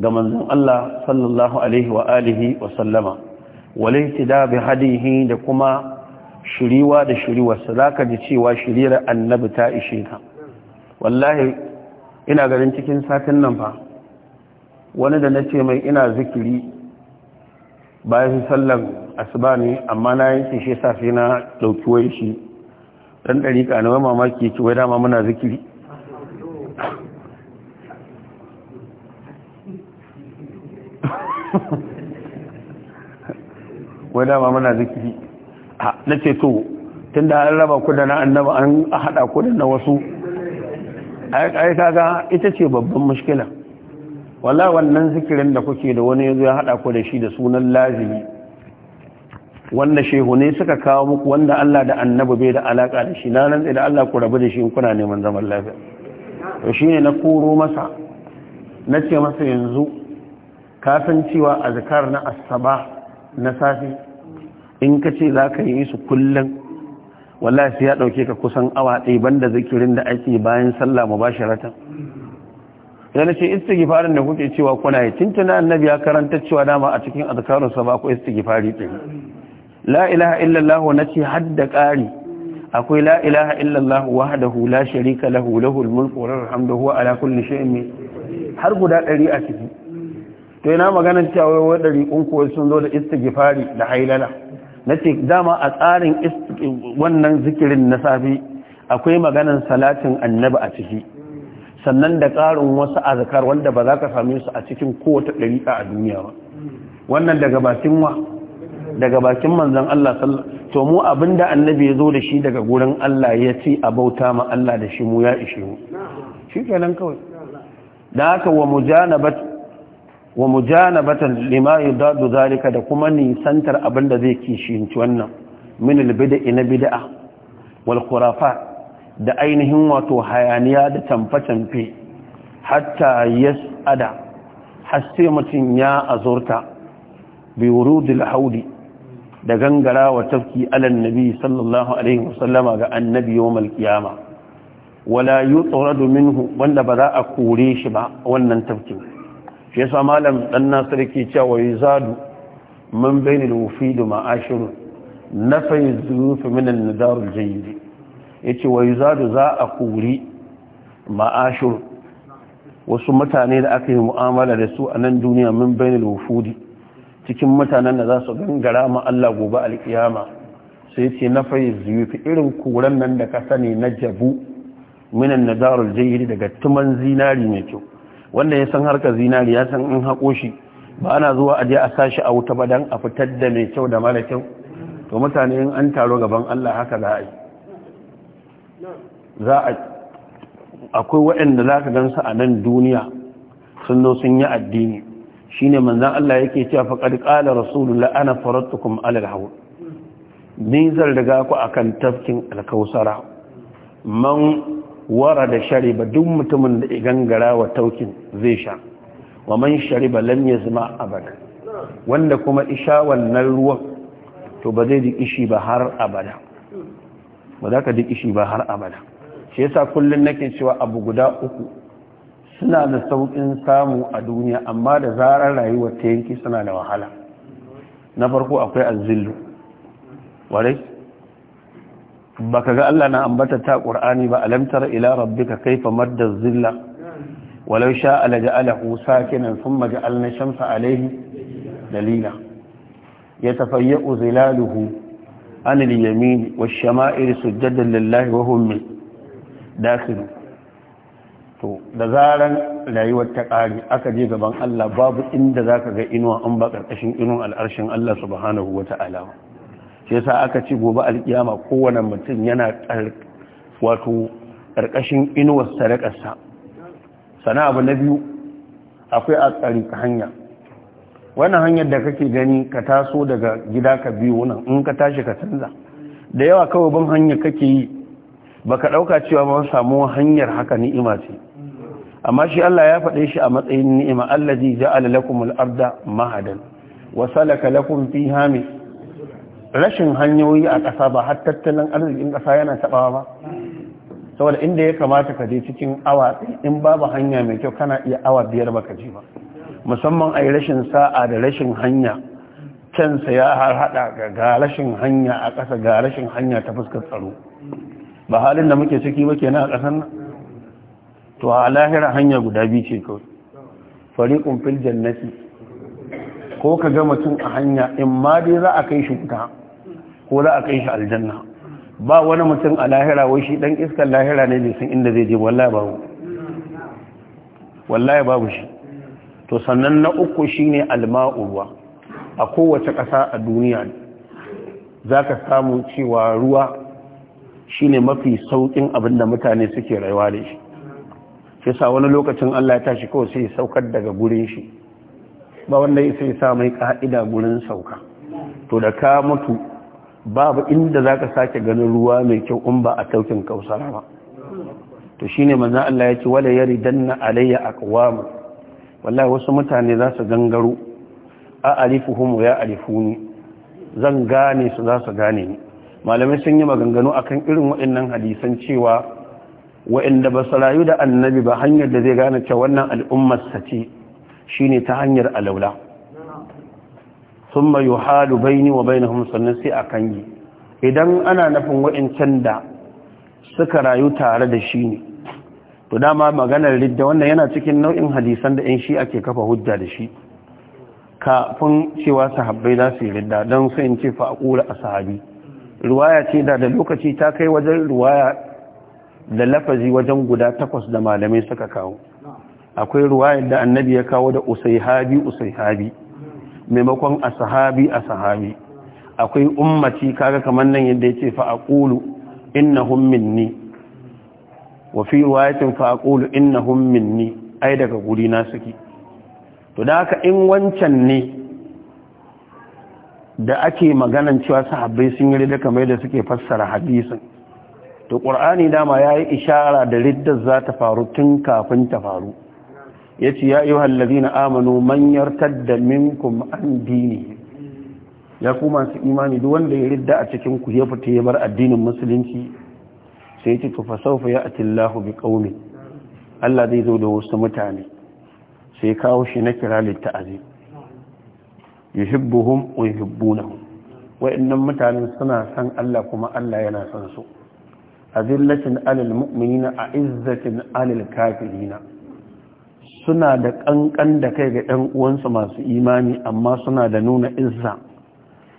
ga manzon Allah sallallahu alaihi wa alihi wa sallama bi hadihi da kuma shiriwa da shiriwarsa za ka ji cewa shirirar annabi ta ishe ka wallahi ina garin cikin satin nan fa wani da na ce mai ina zikiri bayan sallan asuba ne amma na yanke shi safi na ɗauki wai shi ɗan ɗariƙa na mamaki ya ce wai dama muna zikiri *laughs* wai dama muna zikiri na ce to tun da an raba ku da na annaba an haɗa ku da na wasu ai ga ita ce babban mashkila wala wannan zikirin da kuke da wani ya zo ya haɗa ku da shi da sunan lazimi wanda shehu ne suka kawo muku wanda Allah da annabi bai da alaka da shi na nan da Allah ku rabu da shi kuna neman zaman lafiya to shine na koro masa na ce masa yanzu ka san cewa azkar na asaba na safi in ka ce za ka yi su kullum wallahi sai ya dauke ka kusan awa ɗaya banda zikirin da ake bayan sallah mubasharatan yana ce istighfarin da kuke cewa kuna yi tuntuna annabi ya karanta cewa dama a cikin azkarun sa ba ku istighfari ɗin La'ilaha ilaha illallah na ce hadda ƙari akwai la'ilaha ilaha illallah wahdahu la sharika lahu lahul mulku wa ala kulli shay'in har guda ɗari a ciki to yana maganar cewa wai ɗari kun sun zo da istighfari da hailala nace dama a tsarin wannan zikirin na safi akwai maganar salatin annabi a ciki sannan da ƙarin wasu azkar wanda ba za ka same su a cikin kowace ɗariƙa a duniya ba wannan daga bakin wa daga bakin manzon Allah to mu abinda annabi ya zo da shi daga gurin Allah ya ce a bauta ma Allah da shi mu ya ishe mu shikenan kawai da haka wa mujanabat wa mujanabatan lima yudadu zalika da kuma nisantar abinda zai kishinci wannan min albid'a na bid'a wal khurafat da ainihin wato hayaniya da tamfe-tamfe hatta yas'ada har sai mutum ya azurta bi wurudil haudi da gangara wa tafki alan nabi sallallahu alaihi wasallama ga annabi yawmal qiyama wala yutradu minhu wanda ba za a kore shi ba wannan tafkin shi yasa malam dan nasir ke cewa yuzadu man bainal wufid ma'ashir nafai zuruf min an-nadar al-jayyid yace wa yuzadu za a kore ma'ashir wasu mutane da aka yi mu'amala da su a nan duniya min bainal wufudi cikin mutanen da za su gangara ma Allah gobe alkiyama sai ce na fayi fi irin kuran nan da ka sani na jabu minan darul jayiri daga tuman zinari mai kyau wanda ya san harkar zinari ya san in hako shi ba ana zuwa a je a sashi a wuta ba dan a fitar da mai kyau da mara kyau to mutane in an taro gaban Allah haka za a yi akwai waɗanda za ka gansu a nan duniya sun zo sun yi addini shine manzon Allah yake cewa faqad ƙala rasulullah ana faradtukum kuma al-hawl ni zan riga ku tafkin alkausara man wara da shariba duk mutumin da ya wa taukin zai sha wa man shariba lam yazma abada wanda kuma isha wannan ruwan to ba zai ji kishi ba har abada ba za ka ji kishi ba har abada shi yasa kullun nake cewa abu guda uku suna da sauƙin samu a duniya amma da zarar rayuwar ta yanki suna da wahala na farko akwai azillu warai baka ga Allah na ambata ta ƙur'ani ba alamtar ila rabbika kaifa maddar zilla walau sha ala ja'alahu sakinan thumma ja'alna shamsa alayhi dalila yatafayyu zilaluhu an al-yamin wash-shama'ir sujjadan lillahi wa hum dakhilun to da zaran rayuwar ta ƙari aka je gaban Allah babu inda za ka ga inuwa an ba ƙarƙashin inuwa al'arshin Allah subhanahu wa ta'ala shi yasa aka ci gobe alƙiyama kowane mutum yana wato ƙarƙashin inuwar sarakarsa sana abu na biyu akwai a tsari hanya wannan hanyar da kake gani ka taso daga gida ka biyo nan in ka tashi ka canza da yawa kawai ban hanyar kake yi ba ka ɗauka cewa ba samuwa hanyar haka ni'ima ce amma shi Allah ya faɗe shi a matsayin ni'ima allazi ja'ala al arda mahadan wa salaka lakum fiha min rashin hanyoyi a ƙasa ba har tattalin arzikin ƙasa yana tabawa ba saboda inda ya kamata ka je cikin awa in babu hanya mai kyau kana iya awa biyar baka je ba musamman ayi rashin sa'a da rashin hanya cansa ya har hada ga rashin hanya a ƙasa ga rashin hanya ta fuskar tsaro ba halin da muke ciki ba kenan a ƙasar nan to a lahira hanya guda biyu ce kawai fari kumfil jannati ko ka ga mutum a hanya in ma dai za a kai shi wuta ko za a kai shi aljanna ba wani mutum a lahira wai shi dan iskan lahira ne ne sun inda zai je wallahi babu wallahi babu shi to sannan na uku shine alma'u ruwa a kowace ƙasa a duniya Za ka samu cewa ruwa shine mafi saukin abin da mutane suke rayuwa da shi shi sa wani lokacin Allah ya tashi kawai sai ya saukar daga gurin shi ba wanda ya sai sa mai ka'ida gurin sauka to da ka mutu babu inda za ka sake ganin ruwa mai kyau in ba a taukin kausara ba to shine manzon Allah ya ce wala na alayya kawamu. wallahi wasu mutane za su gangaro a alifuhum ya alifuni zan gane su za su gane ni malamai sun yi maganganu akan irin waɗannan hadisan cewa wa'inda ba su rayu da annabi ba hanyar da zai gane cewa wannan al'ummar sace ne ta hanyar alaula Halu bai baini wa bainahum sannan sai a kangi idan ana nufin wa'incan da suka rayu tare da shi ne to dama maganar ridda wannan yana cikin nau'in hadisan da yan shi ake kafa hujja da shi kafin cewa sahabbai za su yi ridda don su in ce fa'akula a sahabi ruwaya ce da da lokaci ta kai wajen ruwaya da lafazi wajen guda takwas da malamai suka kawo akwai ruwayar da annabi ya kawo da usaihabi usaihabi maimakon asahabi asahabi akwai ummati kaga kamar nan yadda yace fa aqulu innahum minni wa fi riwayatin fa aqulu innahum minni ai daga guri na suke to da haka in wancan ne da ake maganan cewa sahabbai sun yi da kamar da suke fassara hadisin to ƙur'ani dama ya yi ishara da riddar za ta faru tun kafin ta faru ya ce ya yi hallazi na amanu manyar tadda minkum an dini ya kuma su imani duk wanda ya ridda a cikin ku ya fita ya bar addinin musulunci sai ce to fasaufa ya atillahu bi qaumi Allah zai zo da wasu mutane sai kawo shi na kira litta'azi yuhibbuhum wa yuhibbunahum wa'annan mutanen suna san Allah kuma Allah yana san su azillatin alal mu'minina a'izzatin alal kafirina suna da ƙanƙan da kai ga ɗan uwansu masu imani amma suna da nuna izza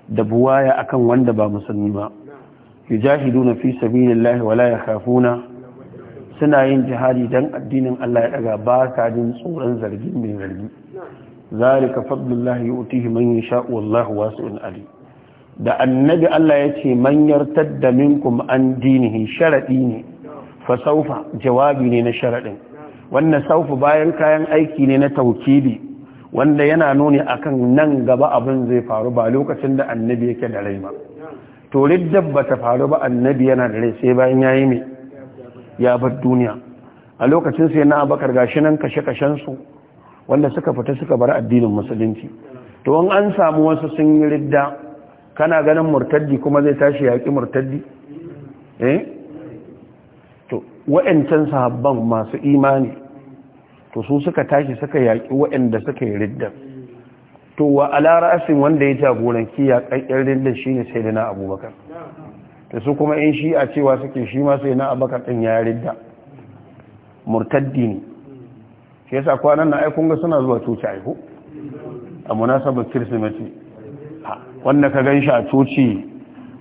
da buwaya akan wanda ba musulmi ba na fi sabilillahi wala kafuna suna yin jihadi dan addinin Allah ya daga ba ka jin tsoron zargin mai zargi zalika fadlullahi yu'tihi man yasha wallahu wasi'un alim da annabi Allah ya ce manyar tadda minkum an dinihi sharadi ne fa saufa jawabi ne na sharadin wannan saufa bayan kayan aiki ne na taukidi wanda yana nuni akan nan gaba abin zai faru ba lokacin da annabi yake da rai ba to riddab ba ta faru ba annabi yana da rai sai bayan yayi mai ya bar duniya a lokacin sai na abakar gashi nan kashe-kashen su wanda suka fita suka bar addinin musulunci to an samu wasu sun yi ridda kana ganin murtaddi kuma zai tashi yaƙi murtaddi eh to wa'ancan sahabban masu imani to su suka tashi suka yaƙi wa'anda suka yi ridda to wa ala ra'asin wanda ya jagoranci ne ridda da na abubakar da su kuma in shi a cewa suke shi ma sai na abakar ɗin ya ridda murtaddi ne shi yasa kwanan na aikunga suna zuwa coci aiko a munasabar kirsimeti wanda ka gan shi a coci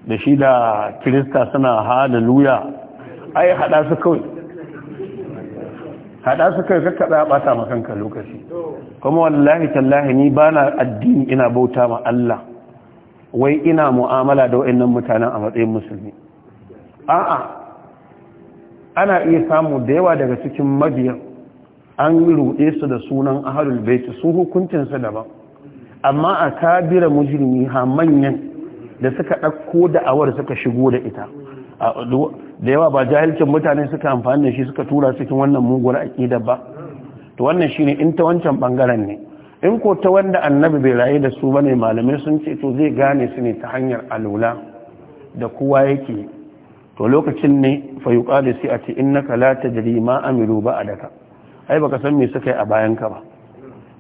da shi da kirista suna halaluya ai haɗa su kawai haɗa su kai kakkaɗa ɓata makanka lokaci kuma wallahi tallahi ni ba na addini ina bauta ma Allah wai ina mu'amala da wa'annan mutanen a matsayin musulmi a'a ana iya samu da yawa daga cikin mabiyan an ruɗe su da sunan ahalul baiti su hukuncinsa daban amma a kabira mujirmi ha manyan da suka ɗauko da'awar suka shigo da ita da yawa ba jahilcin mutane suka amfani da shi suka tura cikin wannan muguwar aƙida ba to wannan shine in ta wancan bangaren ne in ko ta wanda annabi bai rayu da su bane malamai sun ce to zai gane su ne ta hanyar alula da kowa yake to lokacin ne fa yuqalu sai a ce innaka la kalata ma amilu ba adaka ai baka san me suka yi a bayan ka ba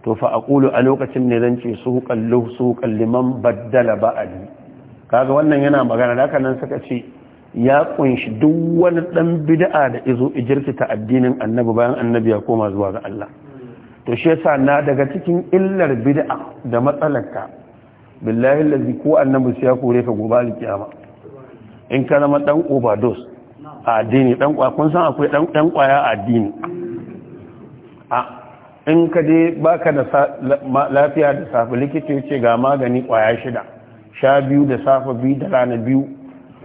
to fa aqulu a lokacin ne zan ce su kallu su kalliman baddala ba'adi kaga wannan yana magana da haka nan suka ce ya kunshi duk wani ɗan bid'a da izo ijirta ta addinin annabi bayan annabi ya koma zuwa ga Allah to shi yasa na daga cikin illar bid'a da matsalarka billahi allazi ko annabi sai ya kore ka gobe alkiyama in ka zama dan overdose a addini dan kun san akwai dan dan a addini a in ka je baka da lafiya da safe likita ya ce ga magani kwaya shida sha biyu da safe biyu da rana biyu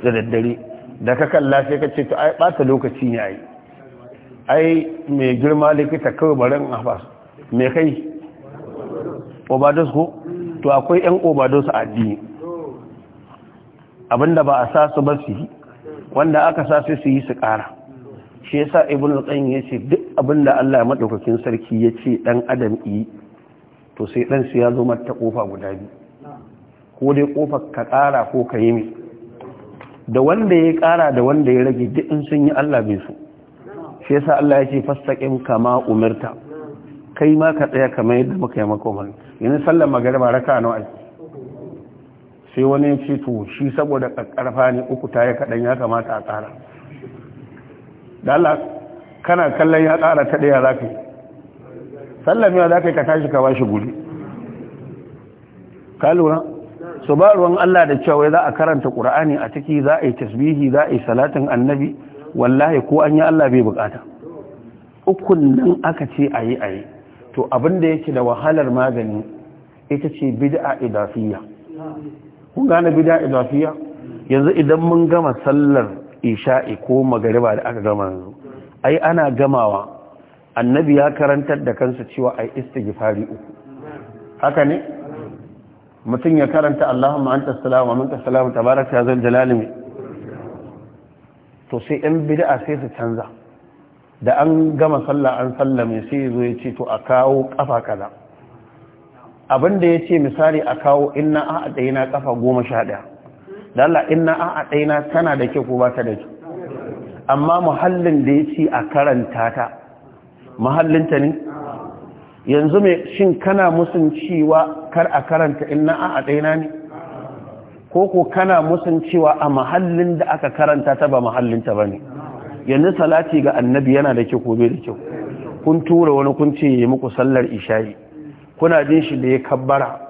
da daddare da ka kalla sai ka ce to ai bata lokaci ne ai ai mai girma likita kawai barin hafa mai kai obados ko to akwai yan obados a addini abinda ba a sasu ba su yi wanda aka sa su yi su kara shi yasa ibn al-qayyim yace duk abinda Allah ya madaukakin sarki yace dan adam yi to sai dan ya zo mata kofa guda biyu ko dai kofa ka kara ko ka yi mi da wanda ya kara da wanda ya rage duk in sun yi Allah bai su shi yasa Allah yace fastaqim kama umirta kai ma ka tsaya kamar yadda muka yi maka umarni yanzu sallar magariba raka nawa ake sai wani ya ce to shi saboda karfa ne uku ta ya kaɗan ya kamata a ƙara da Allah kana kallon ya tsara ta daya za ka yi sallamewa za ka yi ka tashi ka bashi guri ka lura su ba ruwan Allah da cewa za a karanta ƙura'ani a ciki za a yi tasbihi za a yi salatin annabi wallahi ko an yi Allah bai bukata ukun nan aka ce a yi a yi to abinda yake da wahalar magani ita ce bid'a idafiya kun gane bid'a idafiya yanzu idan mun gama sallar isha'i ko magariba da aka gama yanzu ai ana gamawa annabi ya karantar da kansa cewa ai istighfari uku haka ne mutum ya karanta Allahumma anta salamu wa minka salamu tabaraka ya zal jalali to sai yan bid'a sai su canza da an gama sallah an sallame sai yazo ya ce to a kawo kafa kaza abinda ya ce misali a kawo inna a na kafa goma sha ɗaya da Allah inna a a tana da kyau ko ba ta da kyau amma muhallin da ya ci a karanta ta muhallinta ne yanzu mai shin kana musun cewa kar a karanta inna a a ne ko ko kana musun cewa a muhallin da aka karanta ta ba muhallinta ba ne yanzu salati ga annabi yana da kyau ko bai da kyau kun tura wani kun ce yi muku sallar isha'i kuna jin shi da ya kabbara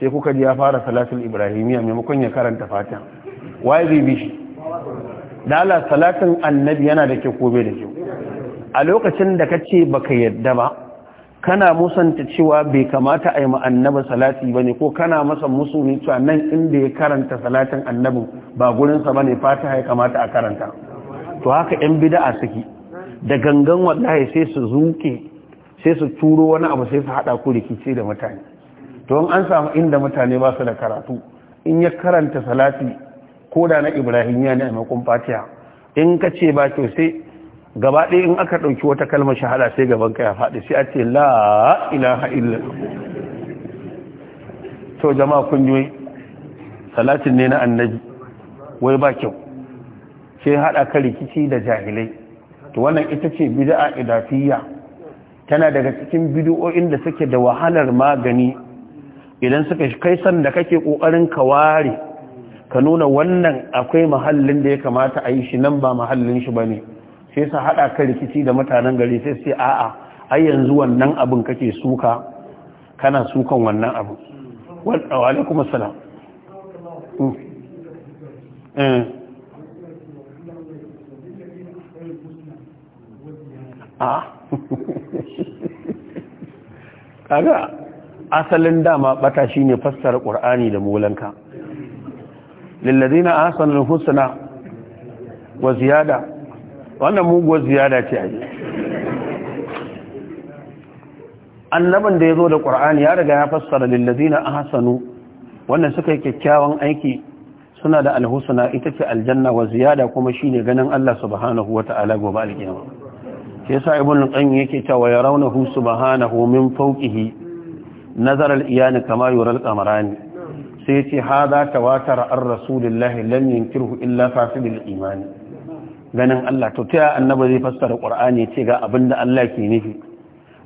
sai kuka ji ya fara salatul ibrahimiyya maimakon ya karanta fatiha waye bi shi dala salatin annabi yana da kyau ko bai da kyau a lokacin da kace baka yadda ba kana musanta cewa bai kamata a yi annaba salati ba ne ko kana masa musuni cewa nan inda ya karanta salatin annabin ba gurinsa ba ne fatiha ya kamata a karanta to haka 'yan bida'a suke da gangan wallahi sai su zuke sai su turo wani abu sai su haɗa ku rikici da mutane Don an samu inda mutane ba su da karatu in ya karanta salati ko da na ibrahim ya ne a makon fatiha in ka ce ba to sai gaba ɗaya in aka ɗauki wata kalmar shahada sai gaban ka ya faɗi sai a ce la ilaha illa to jama'a kun yi salatin ne na annabi wai ba kyau sai haɗa ka rikici da jahilai to wannan ita ce bid'a idafiyya tana daga cikin bid'o'in da suke da wahalar magani idan suka kai san da kake kokarin ka ware ka nuna wannan akwai mahallin da ya kamata a yi shi nan ba mahallin shi bane sai sa hada ka rikici da mutanen gari sai sai a'a ai yanzu wannan abin kake suka kana sukan wannan abu wa alaikum assalam hmm. eh. a ah. *laughs* kaga asalin dama bata shine fassara qur'ani da mulanka. lillazina ahsanul husna wa ziyada wannan muguwar ziyada ce ai annaban da ya zo da qur'ani ya riga ya fassara lillazina ahsanu wannan suka yi kyakkyawan aiki suna da alhusna ita ce aljanna wa ziyada kuma shi ne ganin Allah subhanahu ta'ala gobe alkiyama Ke sa ibn qayyim yake cewa raunahu subhanahu min fauƙihi Nazarar iyali kama yural qamarani sai ce hada tawatar an rasulillahi lam kirhu illa fasidul imani ganin Allah to ta annabi zai fassara qur'ani ce ga da Allah ke nufi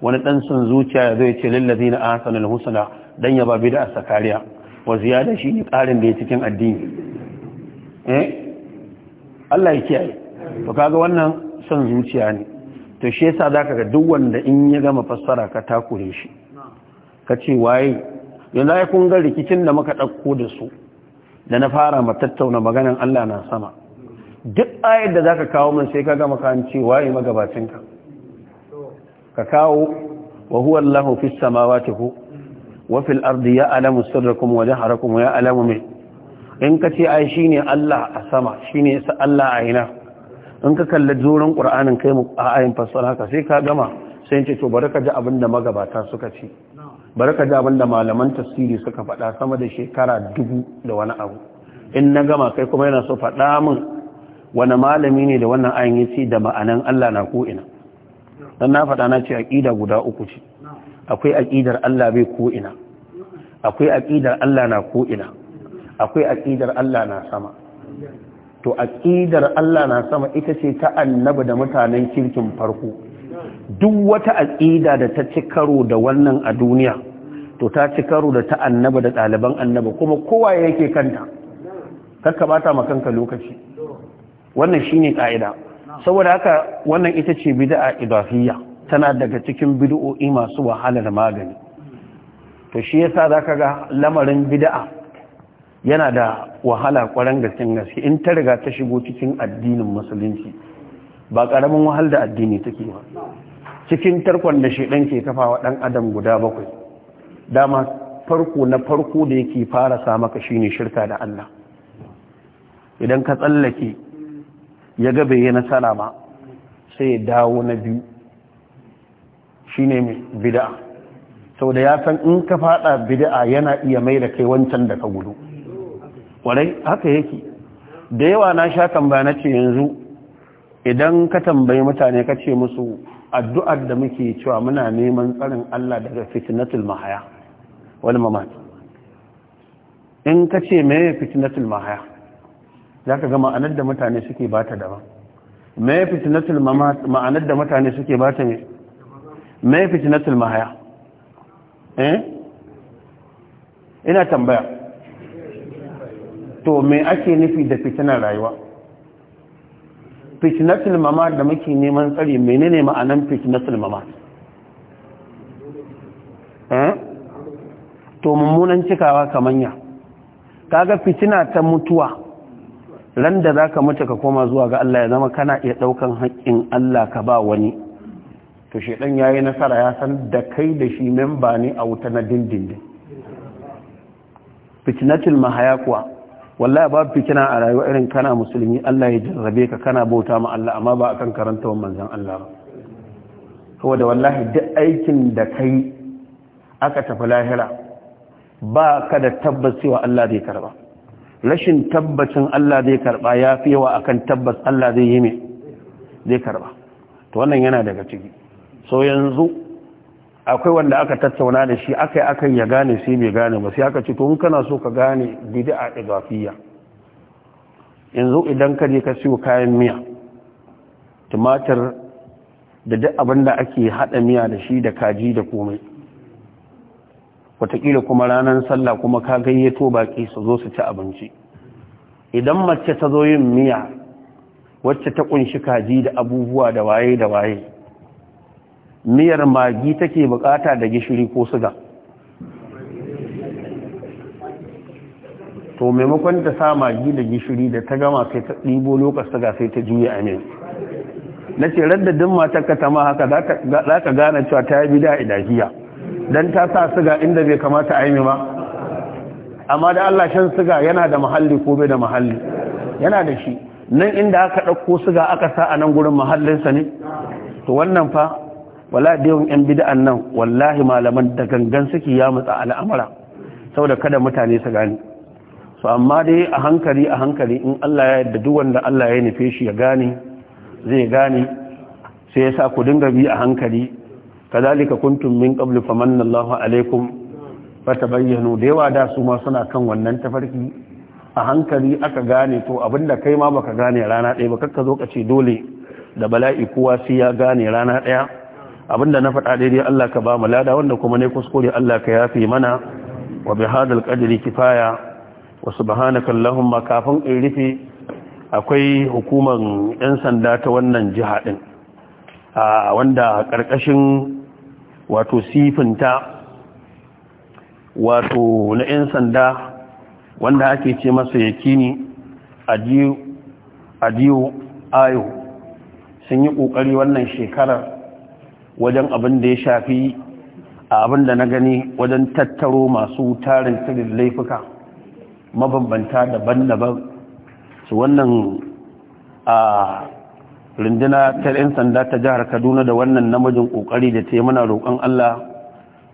wani dan son zuciya zai ce lil ladina ahsanul husna dan ya ba da sakariya wa ziyada shi ne karin da ya cikin addini eh Allah ya kiyaye to kaga wannan son zuciya ne to shi yasa zaka ga duk wanda in ya gama fassara ka takure shi ka ce waye yanzu ai kun ga rikicin da muka ɗauko da su da na fara ma tattauna Allah na sama duk ayar da zaka kawo min sai ka gama kan ce waye magabacin ka ka kawo wa huwa Allahu fis samawati hu wa fil ardi ya'lamu sirrakum wa jaharakum ya alamu min in ka ce ai shine Allah a sama shine Allah a ina in ka kalli zurin Qur'anin kai mu a ayin fassara ka sai ka gama sai ce to bari ka ji abin da magabata suka ce bari ka ji da malaman tasiri suka faɗa sama da shekara dubu da wani abu in na gama kai kuma yana so faɗa min wani malami ne da wannan ayin yi da ma'anan Allah na ko'ina don na faɗa na ce aƙida guda uku ce akwai aƙidar Allah bai ko'ina akwai aƙidar Allah na ko'ina akwai aƙidar Allah na sama to aƙidar Allah na sama ita ce ta annabi da mutanen kirkin farko duk wata aƙida da ta ci karo da wannan a duniya to ta ci karo da ta annaba da ɗaliban annaba kuma kowa yake kanta kakka bata kanka lokaci wannan shine ƙa'ida saboda haka wannan ita ce bida'a, idafiyya tana daga cikin bid'o'i masu wahala da magani to shi yasa zaka ga lamarin bida'a yana da wahala ƙwarar gaske gaske in ta riga ta shigo cikin addinin musulunci ba ƙaramin wahal da addini take ba cikin tarkon da shaidan ke kafawa wa ɗan adam guda bakwai dama farko na farko da yake fara sa maka shine shirka da Allah idan ka tsallake ya ga bai yi nasara ba sai ya dawo na biyu shine mai bid'a sau ya san in ka fada bid'a yana iya mai da kai wancan da ka gudu warai haka yake da yawa na sha ba na ce yanzu idan ka tambayi mutane ka ce musu addu'ar da muke cewa muna neman tsarin Allah daga fitnatul mahaya wani mamaki in ka ce meye fitnatul mahaya za ka ga ma'anar da mutane suke ba ta daban mai fitnatul mamat ma'anar da mutane suke ba ta ne meye fitnatul mahaya eh ina tambaya to me ake nufi da fitinar rayuwa fitnatul mama da muke neman tsari menene ma'anan fitnatul eh to mummunan cikawa kamanya kaga fitina ta mutuwa ran da zaka mutu ka koma zuwa ga Allah ya zama kana iya daukan haƙƙin Allah ka ba wani to shedan yayi nasara ya san da kai da shi memba ne a wuta na dindindin fitnatul mahaya kuwa wallahi babu fitina a rayuwa irin kana musulmi Allah ya jarrabe ka kana bauta ma Allah amma ba akan karantawan manzon Allah ba da wallahi duk aikin da kai aka tafi lahira ba ka da tabbas cewa Allah zai karba rashin tabbacin Allah zai karba ya fi yawa akan tabbas Allah zai yi mai zai karba to wannan yana daga ciki so yanzu akwai wanda aka tattauna da shi aka yi aka ya gane sai bai gane ba sai aka ce to kana so ka gane a idafiyya yanzu idan ka je ka siyo kayan miya tumatir da duk abin da ake hada miya da shi da kaji da komai wataƙila kuma ranar sallah kuma ka gayyato baƙi su zo su ci abinci idan mace ta zo yin miya wacce ta kunshi kaji da abubuwa da waye da waye miyar magi take bukata da gishiri ko suga to maimakon ta sa magi da gishiri da ta gama sai ta ɗibo lokacin suga sai ta juya a ne na ce raddadin matarka ta ma haka za ka gane cewa ta yi bida idajiya don ta sa suga inda bai kamata a yi ma amma da Allah shan suga yana da mahalli ko bai da mahalli yana da shi nan inda aka ɗauko suga aka sa a nan gurin mahallinsa ne to wannan fa wala da yawan yan bid'an nan wallahi malaman da gangan suke ya mutsa al'amara saboda kada mutane su gane so amma dai a hankali a hankali in Allah ya yarda duk wanda Allah ya nufe shi ya gane zai gane sai yasa ku dinga bi a hankali kazalika kuntum min qabl famanna Allahu alaikum fatabayyanu da yawa da su ma suna kan wannan tafarki a hankali aka gane to abinda kai ma baka gane rana ɗaya ba kakka zo ka ce dole da bala'i kowa sai ya gane rana ɗaya abinda na faɗa daidai Allah ka ba mu lada wanda kuma ne kuskure Allah ka yafe mana wa bi hadal qadri kifaya wa subhanaka allahumma kafin in rufe akwai hukumar yan sanda ta wannan jiha din a wanda karkashin wato sifinta wato na yan sanda wanda ake ce masa yakini adiyu adiyu ayo sun yi ƙoƙari wannan shekarar wajen abin da ya shafi a abin da na gani wajen tattaro masu tarin tsirin laifuka mabambanta daban-daban su wannan a runduna ta 'yan sanda ta jihar kaduna da wannan namijin kokari da ta yi mana roƙon allah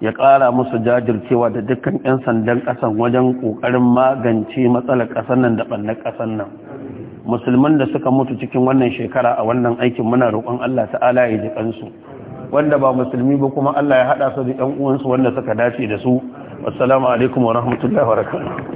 ya ƙara musu jajircewa da dukkan 'yan sandan ƙasan wajen ƙoƙarin magance matsalar ƙasan nan da ɓannar ƙasan nan musulman da suka mutu cikin wannan shekara a wannan aikin muna roƙon allah ta'ala ya ji ƙansu wanda ba musulmi ba kuma Allah ya hada su da ƴan uwansu wanda suka dace da su assalamu alaikum wa rahmatullahi wa barakatuh